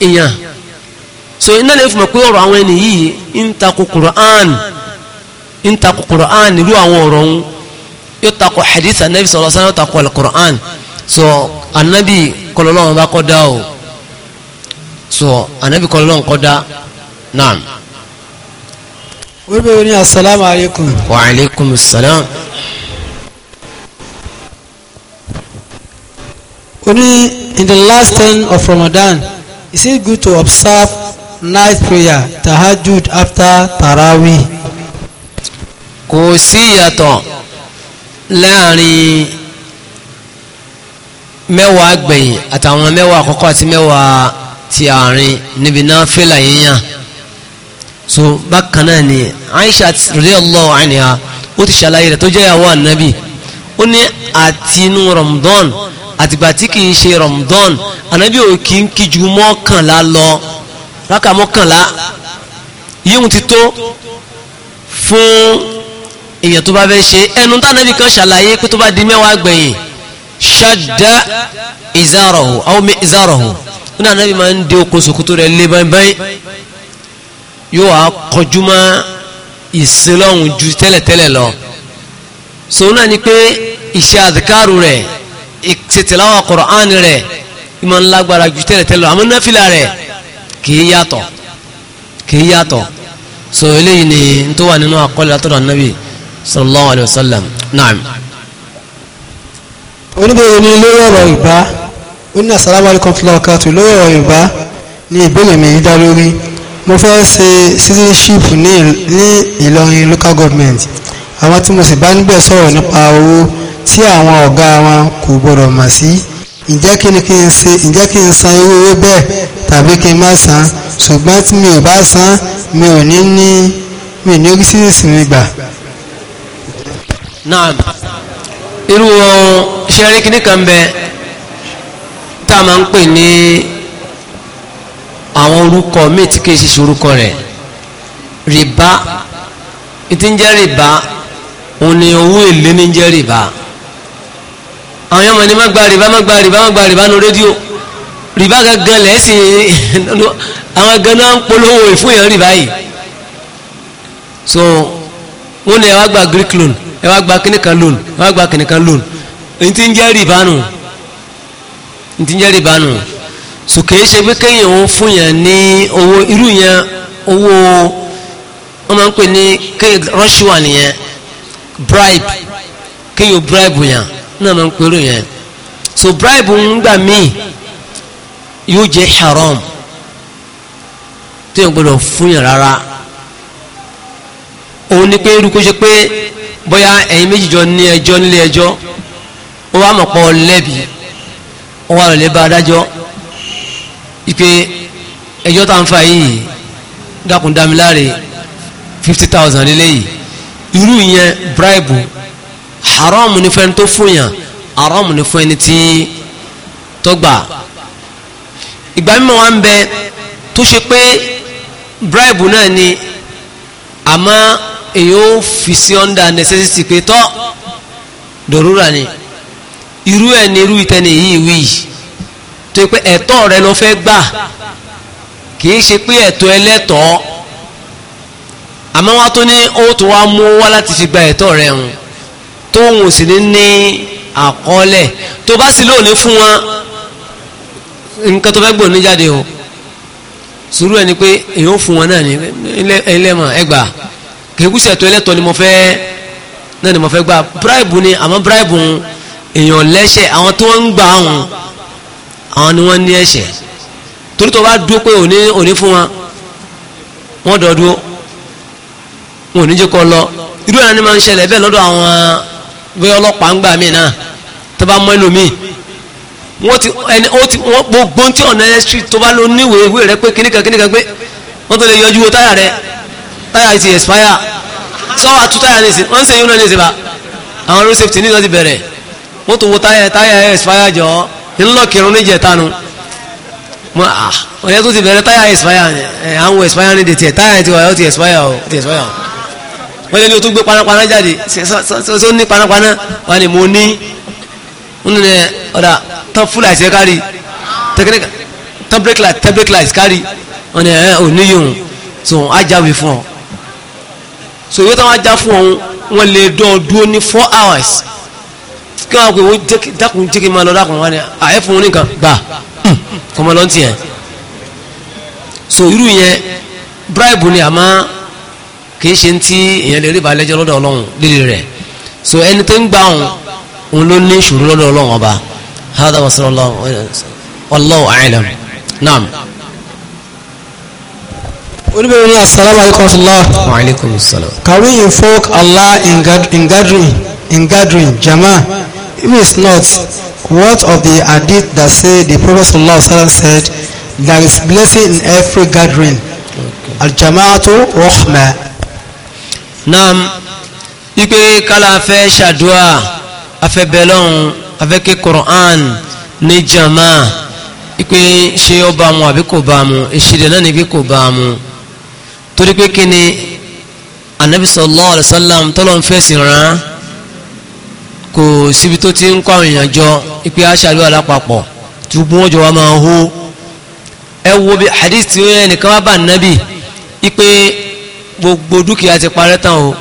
ìyàn so iná lè fi mọ̀ pé ọ̀rọ̀ àwọn ẹni yìí ń takò Qur'an ń takò Qur'an nílùú àwọn ọ̀rọ̀ ń yóò takò hadith anabi sọ̀rọ̀ sáré yóò takò alukur'an so anabi kọlọ́lọ́wọ́n bá kọ́ o so anabi kọlọ́lọ́wọ́n kọ́ naam. wíwí ní asalaamualeykum. wa aleykum salaam. Only in the last ten of Ramadan, is it good to observe night prayer, tahajud after tarawih? Kò sí ìyàtọ̀ láàrin mẹ́wàá gbẹ̀yìn àtàwọn mẹ́wàá àkọ́kọ́ àti mẹ́wàá ti àárín níbi náfìlà yíyàn so bákan náà ni Aisha radiyallahu anha ó ti ṣàlàyé rẹ̀ tó jẹ́ ìyàwó ànábì ó ní àtinú Ramadan àtìgbà tí kìí ṣe Ramadan ànábì ò kí ń kíjú mọ́kànlá lọ rákà mọ́kànlá yíhun ti tó fún èèyàn tó bá fẹ́ ṣe ẹnu tánàbí kan ṣàlàyé pé tó bá di mẹ́wàá gbẹ̀yìn ṣadda ìzárọ̀hù àwọn ìzárọ̀hù nínú ànábì máa ń dé okun sòkòtò rẹ̀ lé báyìí yóò wá kọjú mọ́ ìsinlọ́hùn ju tẹ́lẹ̀tẹ́lẹ̀ lọ so náà ni pé ìṣe àdìkárù rẹ̀ ìṣètìláwà Kùránì rẹ̀ ìmọ̀ ńlágbára ju tẹ́lẹ̀tẹ́lẹ̀ lọ àmọ́ náfìlà rẹ̀ kìí yàtọ̀ kìí yàtọ̀ so eléyìí ni tó wà nínú àkọlẹ̀ látọ̀dọ̀ ànábì sallallahu alayhi wa sallam naam. oníbẹ̀rẹ̀ ni lórí ọ̀rọ̀ ìbá oní assalamu alaykum fúláwọ̀ káàtó lórí ọ̀rọ̀ ìbá ni ìbéèrè mi dá lórí mo fẹ́ ṣe citizenship ní Ìlọrin local government àwọn tí mo sì bá níbẹ̀ sọ̀rọ̀ nípa owó tí àwọn ọ̀gá wọn kò gbọ́dọ̀ mọ̀ sí ǹjẹ́ kí ni kí n ṣe ǹjẹ́ kí n san irú owó bẹ́ẹ̀ tàbí kí n san ṣùgbọ́n tí mi ò bá san mi ò ní ní mi ò ní orí sírísì mi gbà náà irú ṣẹ́rí kìíní kan bẹ tá a máa ń pè ní àwọn orúkọ míì tí kìí ṣiṣẹ́ orúkọ rẹ̀ rìbá ìtí ń jẹ́ rìbá òun ni owó èlé ní ń jẹ́ rìbá àwọn ọmọ ní má gba rìbá má gba rìbá má gba rìbá nu rédíò rìbá gangan lẹ́sìn àwọn ganan ń polówó ìfún èèyàn rìbá yìí so wọ́n ní ẹ wá gba greek loan ẹ wá gba kíní kan lónìí ẹ wá gba kíní kan lónìí n ti ń jẹ́ rìbá nù n ti ń jẹ́ rìbá nù so kì ṣe pé kéèyàn ó fún yẹn ní owó irú yẹn owó wọ́n máa ń pè ní rọ́ṣùwà nìyẹn bribe kéèyàn bribe yẹn náà máa ń pè irú yẹn so bribe ń gbà míì yóò jẹ́ haram téèyàn gbọ́dọ̀ fún yẹn rárá òun ni pé irú kó ṣe pé bóyá ẹ̀yin méjì jọ ní ẹjọ́ nílé ẹjọ́ ó wá mọ̀ pọ̀ lẹ́bi ó wá lọ́lẹ́ bá adájọ́ ipe ẹjọ́ tá à ń fa yìí dákun dá fifty thousand lélẹ́yìí irú yẹn bribe haram ni fún ẹni tó fún yàn haram ni fún ẹni tí tó gbà ìgbà mímọ́ wa ń bẹ tó ṣe pé bribe náà ni àmọ́ èyí ó fi sí ọ́ndà necessity pé tọ́ dòrúra ni irú ẹ̀ ní irú ìtẹ́ni yìí wí tó pé ẹ̀tọ́ rẹ ló fẹ́ gbà kìí ṣe pé ẹ̀tọ́ ẹlẹ́tọ̀ọ́ àmọ́ wá tó ní ó tó wá mú wá láti fi gba ẹ̀tọ́ rẹ hùn tóun ò sì ní ní àkọọ́lẹ̀ tó bá sì lóòní fún wọn nǹkan tó fẹ́ gbò jáde o sùúrù ẹ̀ ni pé èyí ó fún wọn náà ní ẹlẹ́mọ̀ ẹgbàá kìkúṣe ẹ̀tọ́ ẹlẹ́tọ́ ni mo fẹ́ náà ni mo fẹ́ gbà bíráìbù ni àmọ́ bíráìbù èèyàn lẹ́ṣẹ̀ àwọn tí wọ́n ń gbà àwọn àwọn ni wọ́n ní ẹ̀ṣẹ̀ torí tó bá dúró pé òní òní fún wọn wọ́n dọ̀ dúró wọn ò ní jẹ́ kọ́ lọ irú ẹ̀rọ ni máa ń ṣẹlẹ̀ bẹ́ẹ̀ lọ́dọ̀ àwọn bí ọlọ́pàá ń gbà mí náà tó bá mọ ẹlòmíì wọ́n ti ẹni ó ti wọ́n gbogbo tí ọ̀nà ẹ̀ street tó bá lọ níwèé ìwé rẹ pé kíníkan kíníkan pé wọ́n tó lè táyà ti expire sọ àtú táyà ní ìsìn wọ́n ń ṣe yún náà ní ìsìn bá àwọn road safety ní ìjọ ti bẹ̀rẹ̀ mọ́tò wo táyà táyà expire jọ ńlọ́kìrún ní ìjẹta nu mọ́ à ọ̀yẹ́ tó ti bẹ̀rẹ̀ táyà expire ẹ̀ àwọn expire ní dètè táyà ti wáyọ̀ ti expire ọ̀ ti expire ọ̀ wọ́n lé ní o tún gbé panápaná jáde sọ ní panápaná wọ́n ni mo ní nínú eh, ọ̀dà tán fúlà ìṣẹ́ kárí tẹ́bíríkìlà tẹ́bíríkìlà ìṣẹ́ kárí wọ́n ni ẹ̀ ò níyùn so ajáwé fún ọ so ìwé táwọn ajá fún ọ̀hún wọ́n lè dán dúró ní four hours kí wọ́n á pè wọ́n dákun jẹ́kẹ́ máa lọ dákun wá ní àyẹ́ fún wọn nìkan gbà hmm. kọ́mọ lọ́n tiẹ̀ so irú yẹn bribe ni àmọ́ kì í ṣe ń tí èèyàn lè rí ba lẹ́jọ́ lọ́dọ̀ ọlọ́run líle rẹ̀ so ẹni tó ń gbà ọ̀hún òun ló ní ìṣòro lọ́dọ̀ ọlọ́run ọba hada wa sallallahu alayhi wa sallam wallahu a'lam naam oníbẹ̀rẹ̀ ní assalamu alaikum salam. wa alaikum salam. can we invoke Allah in, gathering in gathering jama if it's not what of the hadith that say the prophet sallallahu alaihi wasallam said there is blessing in every gathering aljamaatu rahma. naam ipe kala afẹ́ ṣàdúrà afẹ́ bẹlọ́n afẹ́ ké Qur'an ní jama ipe ṣé ó bá mu àbí kò bá mu èsì dẹ̀ náà ni bí kò bá mu torí pé kí ni anabi sallallahu alayhi wa sallam tọ́lọ́ ń fẹ́sì rán kò síbi tó ti ń kọ́ àwọn èèyàn jọ ipe aṣáájú alápapọ̀ tí gbogbo wọn jọ wá máa hó ẹ wo bí hadith tí ẹnìkan wá bá anabi ipe gbogbo dúkìá ti parẹ́ tán o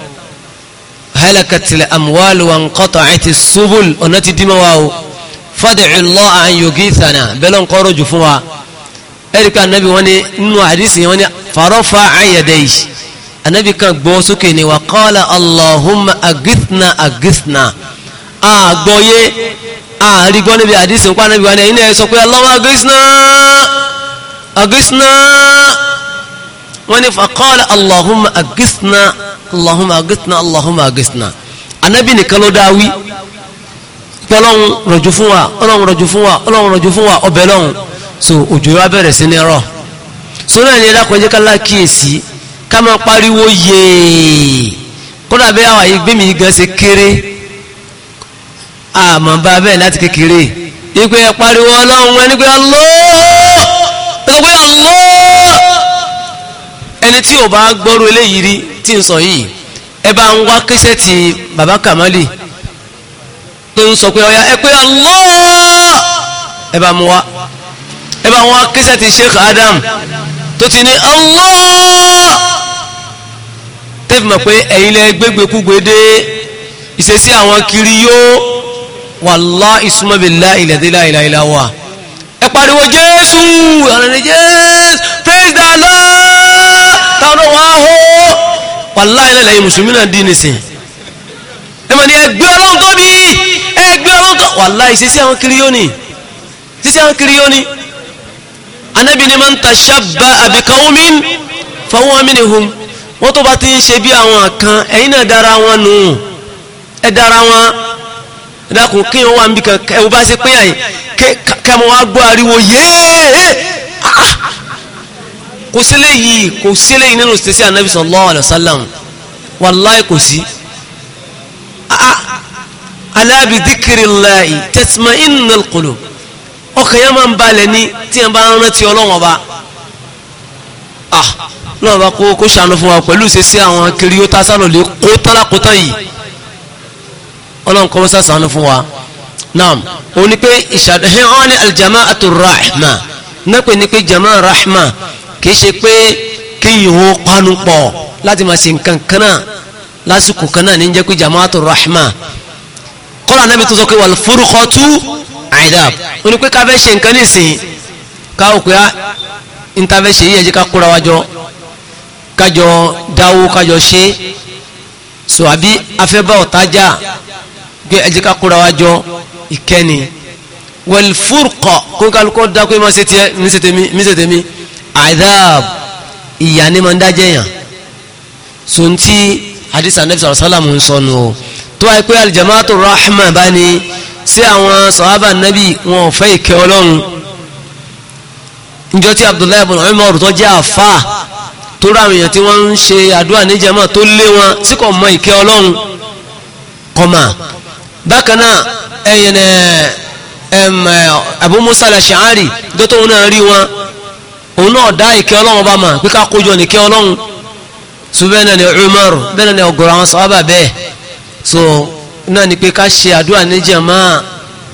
halakatil amwal wa nqata'ati subul ọ̀nà ti dí wa o fad'u Allah an yughithana bẹ́ẹ̀ lọ́nkọ́rọ̀ jù fún wa ẹ̀ríkà anábì wọn ni nínú àdísì wọn ni farofa ayẹ̀dẹ̀ yìí anábì kan gbọ́ sókè ni wà qala allahumma agithna agithna àgbọ́yé àrígbọ́ níbi àdísì nípa anábì wọn ni ẹ̀yin náà sọ pé allahumma agithna agithna wọn ni faqala allahumma agithna allahumma agithna allahumma agithna anábì nìkan ló dá wí ọlọ́run rọ̀jò fún wa ọlọ́run rọ̀jò fún wa ọlọ́run rọ̀jò fún wa ọbẹ̀ lọ́run so òjò wa bẹ̀rẹ̀ sí ní rọ̀ so náà ní ẹ̀dàkùn ẹ̀jẹ̀ kálá kíyèsí ká máa pariwo yéè kódà bẹ́ẹ̀ àwọn àyè gbẹ̀mí gan ṣe kéré àmọ́ bá bẹ́ẹ̀ láti kékeré ìpè pariwo ọlọ́run ẹni pé ọlọ́ọ̀ ẹni tí ò bá gbọ́rú eléyìí rí tí ń sọ yìí ẹ bá ń wá kíṣẹ́ ti bàbá kàmálì tó ń sọ pé ọya ẹ pé Allah ẹ bá mú wá ẹ bá wọn kíṣẹ́ ti Sheikh Adam tó ti ní Allah tẹ́fì mọ̀ pé ẹ̀yin lẹ gbégbékúgbé dé ìṣesí àwọn kiri yóò wallahi summa billahi alladhi la ilaha illa huwa ẹ pariwo jésù ọ̀rẹ́ ni jésù praise the Lord táwọn wà hó wallahi ilẹ̀ lẹ́yìn mùsùlùmí náà dín nìsín ẹ mọ̀ ní ẹgbẹ́ ọlọ́run tóbi ẹgbẹ́ ọlọ́run tó wallahi ìṣesí àwọn kiri yóò ní ìṣesí àwọn kiri yóò ní anábì ni man tashabbaha bi qawmin fahuwa minhum wọ́n tó bá ti ń ṣe bí àwọn kan ẹ̀yin náà dára wọn nù ẹ dára wọn ẹ̀dàkùn kí wọ́n wà níbi kan ẹ̀wọ́n bá ṣe pé àyìn kẹmọ́ wá gbọ́ ariwo yéé kò sílé yìí kò sílé yìí nínú ìsẹsí anábì sallallahu alaihi wasallam kò sí ah, ah. ala bi dhikrillahi tatma'innul qulub ọkàn yẹn máa ń balẹ̀ ní tí yẹn bá ń rántí ọlọ́wọ́n ba ah lọ́wọ́n bá kó kó ṣàánú fún wa pẹ̀lú ìṣesí àwọn kiri yóò tásánù lé kó tọ́lá kó tán yìí ọlọ́run kọ́ mọ́sá ṣàánú fún wa naam òun ni pé ìṣàdéhìn ọ́n ní aljama'atu rahma náà pé ni pé jama rahma kì í ṣe pé kéèyàn ó panu pọ̀ láti máa ṣe nǹkan kan náà lásìkò kan náà ní jẹ́ pé jama'atu rahma kọ́lá náà mi tó sọ pé wal furqatu àìdáàb ó ní pé ká fẹ́ ṣe nǹkan nísìn ká ó pé á intervention yíyẹ jẹ́ ká kóra wájọ kájọ dáwó kájọ ṣe so àbí afẹ́bá ọ̀tájà gbé ẹjẹ́ ká kóra wájọ ìkẹ́ni wal furqa kó kálukọ́ dákú ẹ̀ máa ṣe tiẹ̀ mí ṣe tèmi àìdáàb ìyá ni máa ń dájẹ́ yàn so ń tí hadith anabi sallallahu alayhi wa sallam ń sọnù o tó wáyé pé aljamaatu rahman bá ní sí àwọn sàhábà nábì wọn ò fẹ́ ìkẹ́ ọlọ́run níjọ́ tí abdullahi ibn umar tó jẹ́ àfà tó rà àwọn èèyàn tí wọ́n ń ṣe àdúrà níjàmá tó lé wọn sí kò mọ ìkẹ́ ọlọ́run kọ̀mà bákan náà ẹ̀yìn abu musa al-ash'ari níjọ́ tó wọn náà rí wọn òun náà dá ìkẹ́ ọlọ́run bá mà pé ká kójọ nìkẹ́ ọlọ́run so bẹ́ẹ̀ náà ni umar bẹ́ẹ̀ náà ni ọ̀gọ̀rọ̀ àwọn sàhábà bẹ́ẹ̀ so náà ni pé ká ṣe àdúrà ní jàmáà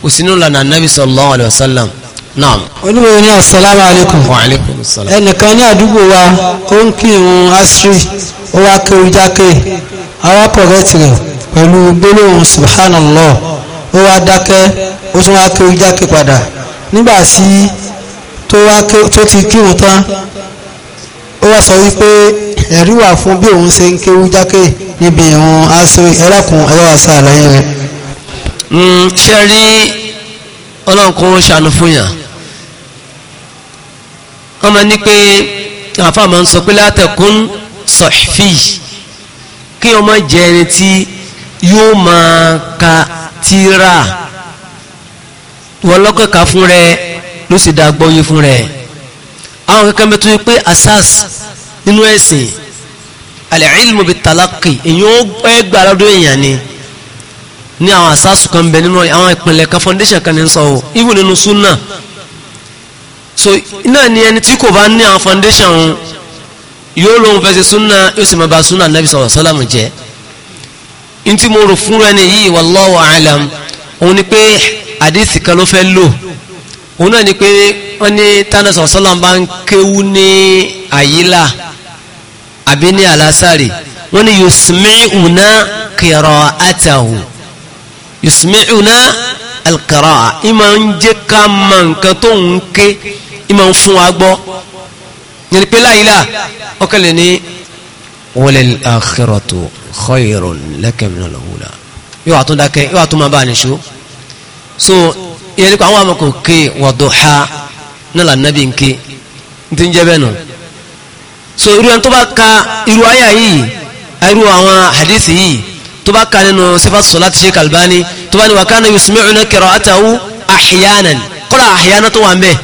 òsínú lànà anábì sallallahu alayhi wa sallam náà. olùwẹ̀ ní asalaamu alaykum. wa alaykum salaam. ẹnìkan ní àdúgbò wa ó ń kírun asiri ó wá kéwu jákè àwa kọ̀rẹ́tì rẹ̀ pẹ̀lú gbólóhùn subhanallah ó wá dákẹ́ ó tún wá kéwu jákè padà nígbà tí tó ti kírun tán ó wá sọ wípé ẹ̀rí wà fún bí òun ṣe ń kéwú jákè níbi ìrun asiri ẹlẹ́kùn ẹlẹ́wà sàlàyé rẹ̀. Hmm, ṣe rí ọlọ́run kó ṣàánú fún yàn wọ́n máa ní pé àfa máa ń sọ pé látẹ̀kún sọ̀fì kí wọ́n máa ẹni tí yóò máa ka tíra wọ́n lọ́kọ̀ọ́ka fún rẹ ló sì dá gbọ́yé fún rẹ àwọn kankan bẹ tó pé asas nínú ẹ̀sìn al-ilmu bit-talaqqi èyí ó gbà lọ́dọ̀ èèyàn ni ní àwọn àsásù kan bẹ nínú àwọn ìpìnlẹ̀ kan foundation kan ní sọ o even nínú súnà so náà ni ẹni tí kò bá ní àwọn foundation òun yóò lóun fẹ́ ṣe súnà yóò sì máa ba súnà nàbì sallallahu alaihi wasallam jẹ́ n tí mo rò fún ẹni yìí wallahu a'lam òun ni pé àdìsí kan ló fẹ́ lò òun náà ni pé wọ́n ní tánà sallallahu alaihi bá ń kéwú ní àyílà àbí ní alásàrì wọ́n ní yusmi'una qira'atahu yusmi'una al-qira'a ìmọ̀ ń jẹ́ ká mọ nǹkan tó ń ké ìmọ̀ ń fún wa gbọ́ yẹn pé láyìlá ọkàn lè ní walil akhiratu khayrun laka minal ula yóò wà tó dákẹ́ yóò wà tó máa bá a nìṣó so yẹn ní pé àwọn àmọ́ kò ké wa duha nílànà bí n ké n ti ń jẹ́ bẹ́ẹ̀ náà so irú ẹni tó bá ka irú àyà yìí irú àwọn hadithi yìí tó bá ka nínú sifatu salati Sheikh Albani tó bá ní wa kana yusmi'una qira'atahu ahyanan kọ́lá ahyana tó wà ń bẹ̀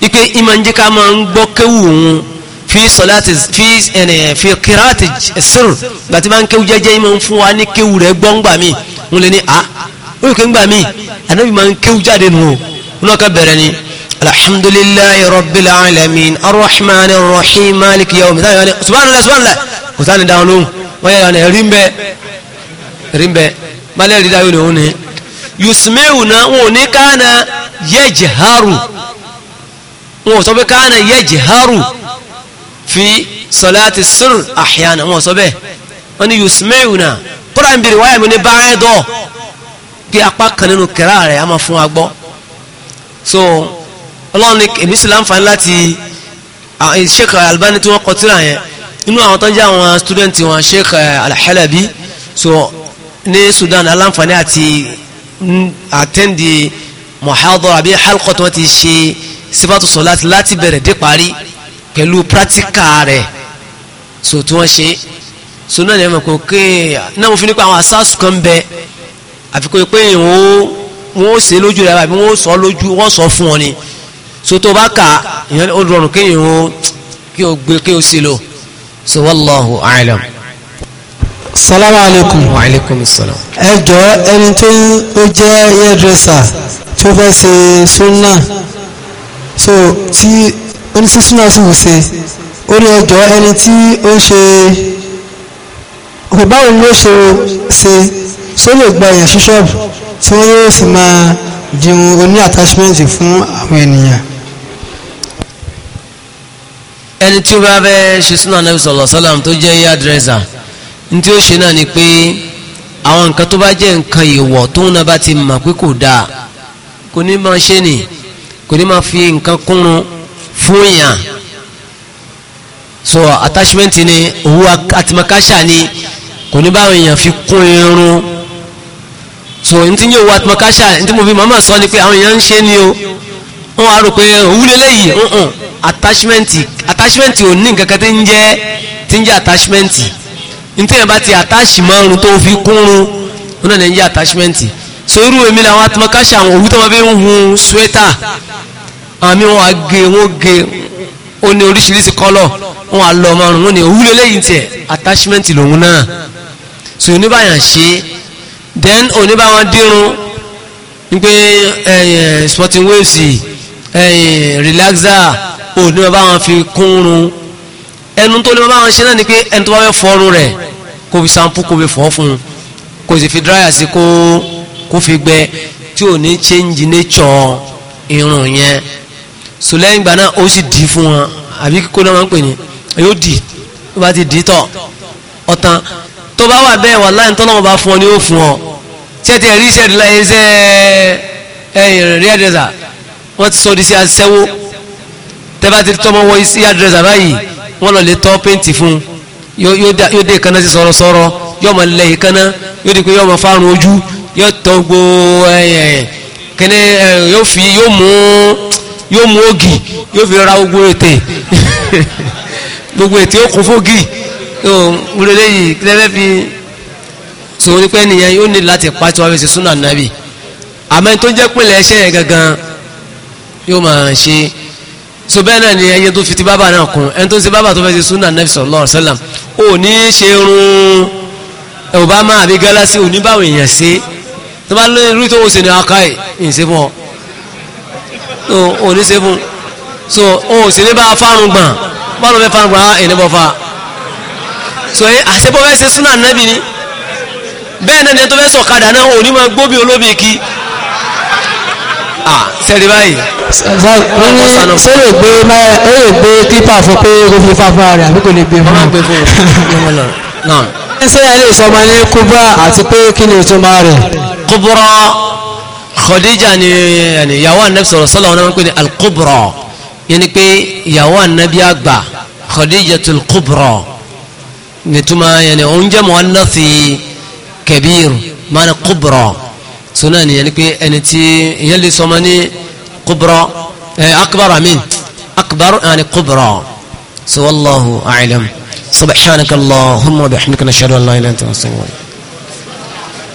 ike imanji ká máa ń gbọ́ kéwù òun fi salati fi ẹnẹ fi qira'ati sir gbàtí máa ń kéwù jẹ́jẹ́ ìmọ̀ ń fún wa ní kéwù rẹ̀ gbọ́ngbà mi ń lè ní a ah, ó yẹ kéwù gbà mí ànábì máa ń kéwù jáde nù ó náà ká bẹ̀rẹ̀ ni. الحمد لله رب العالمين الرحمن الرحيم مالك يوم يعني سبحان الله سبحان الله داونو داولون ويعني ريمبه ريمبه ما لا يدعون هنا يسمعنا ونكان يجهر وصبه كان يجهر في صلاة السر أحيانا وصبه أن يسمعنا قرأ برواية من بعيدو كي أقبق ننو كراري أما فون أقبق so ọlọ́run ní èmi sì láǹfààní láti sheikh albani tí wọ́n kọ tírà yẹn inú àwọn tó ń jẹ́ àwọn student wọn sheikh eh, alhalabi so ní sudan aláǹfààní àti attendi muhadara àbí halqa tí wọ́n ti ṣe sifatu solat láti bẹ̀rẹ̀ dé parí pẹ̀lú pratica rẹ̀ so tí wọ́n ṣe so náà ni ẹ mọ̀ pé ok náà mo fi nípa àwọn asásù kan bẹ àfikún pé wọ́n ó ṣe lójú rẹ̀ àbí wọ́n ó sọ lójú wọ́n sọ fún ọ ni so tó bá kà ìyẹn ó rọrùn kéèyàn ó kí o gbé kí o sì lò so wallahu a'lam. salamu alaykum. wa alaykum salam. ẹ jọ ẹni tó ó jẹ́ hairdresser tó fẹ́ ṣe sunna so tí oníṣẹ́ sunna sì wù ṣe ó ní ẹjọ́ ẹni tí ó ń ṣe kò báwo ló ṣe ṣe tó lè gba èèyàn sí tí wọ́n yóò sì máa dirun oní attachment fún àwọn ènìyàn ẹni tí ó bá fẹ́ ṣe súnà nàbì sallallahu alaihi wasallam tó jẹ́ yá dírẹ́sà ní tí ó ṣe náà ni pé àwọn nǹkan tó bá jẹ́ nǹkan ìwọ̀ tóun náà bá ti mọ̀ pé kò dáa kò ní máa ṣe nì kò ní máa fi nǹkan kúnrun fún yàn so attachment ni òwú àtìmọ́káṣà ni kò ní báwọn èèyàn fi kún irun so ní tí yóò wọ àtìmọ́káṣà ní tí mo fi màmá sọ ni pé àwọn èèyàn ń ṣe ni o wọn á rò pé òwú lélẹ́yìí attachment attachment ò ní nǹkan kan tí ń jẹ́ tí ń jẹ́ attachment nítorí bá ti attach márùn tó fi kúrun ó náà ní ń jẹ́ attachment so irú èmi làwọn atọmọkáṣe àwọn òwú tó wọn fi ń hun sweater àmì wọn á gé wọn gé ó ní oríṣiríṣi kọ́lọ̀ wọn á lọ márùn wọn ní òwúlé lẹ́yìn tiẹ̀ attachment lòun náà so oníbàyàn ṣe then oníbàwọn dírun ní pé sporting waves relaxer ò ní ma bá wọn fi kúnrun ẹnu tó ní ma bá wọn ṣe náà ni pé ẹni tó bá fẹ́ fọrun rẹ̀ kó fi sampo kó fi fọ́ fún un kó sì fi dráyà sí kó kó fi gbẹ tí ò ní change nature irun yẹn so lẹ́yìn ìgbà náà ó sì dì í fún wọn àbí kíkó náà máa ń pè ní yóò dì ó bá ti dì í tọ̀ ọ̀tàn tó bá wà bẹ́ẹ̀ wà láì tọ́lọ́mọ bá fún ọ ni ó fún ọ tí ẹ ti ìdílé ẹ̀yìn rẹ̀ rí ẹ̀dẹ̀dà wọ́n ti sọ di sí aṣẹ́wó tẹ́bá ti tọ́mọ wọ sí àdírẹ́sà báyìí wọ́n lọ lè tọ́ péǹtì fún yóò dé ìkànnà sí sọ̀rọ̀sọ̀rọ̀ yóò mọ lẹ ìkànnà yóò di pé yóò mọ fárun ojú yóò tọ́ gbó kẹ́ni yóò fi yóò mú yóò mú ògì yóò fi ra gbogbo ètè gbogbo ètè yóò kún fógì wúlò léyìí lẹ́fẹ́ fi sòwò ní pẹ́ nìyẹn yóò ní láti pa tí wọ́n fi ṣe súnà nàbì àmọ́ tó jẹ́ pínlẹ̀ ẹ̀ṣẹ̀ yẹn gangan yóò máa ṣe so bẹ́ẹ̀ náà ni ẹyin tó fi ti bábà náà kún ẹni tó ń ṣe bábà tó fẹ́ ṣe sunna nabi sallallahu alaihi wasallam ò ní ṣe irun obama àbí galasi ò ní báwọn èèyàn ṣe tó bá lóyún irú tó wò sí ni akai ah, ń ṣe fún ọ ò ní ṣe fún so ò sì ní bá fárun gbọ̀n báwọn fẹ́ fárun gbọ̀n á ah, ẹ̀ ní fa so ẹ àṣepọ̀ fẹ́ ṣe sunna nabi ni bẹ́ẹ̀ náà ni ẹni tó fẹ́ sọ̀kadà náà ò ní máa gbóbi olóbi kí ah sẹ́ẹ̀dì báyìí ṣé lè gbé ó lè gbé kípa fún pé ó fi fáfá rẹ̀ àbí kò lè gbé fún un. ṣé ẹ lè sọmọ ní kúbúrà àti pé kí ni ìtumọ̀ rẹ̀. kúbúrà Khadija ni ìyàwó anabi sọ̀rọ̀ sọ́lá wọn pé ní al-kubra yẹn ni pé ìyàwó anabi àgbà Khadijatul kubra nituma yẹn ni oúnjẹ mọ̀ ọ́n náà fi kabir mana kubra sọ náà nìyẹn ni pé ẹni tí ìyẹn lè sọmọ ní. كبرى إيه، أكبر من أكبر يعني كبرى سوى الله أعلم سبحانك اللهم وبحمدك نشهد أن لا إله إلا أنت نستغفرك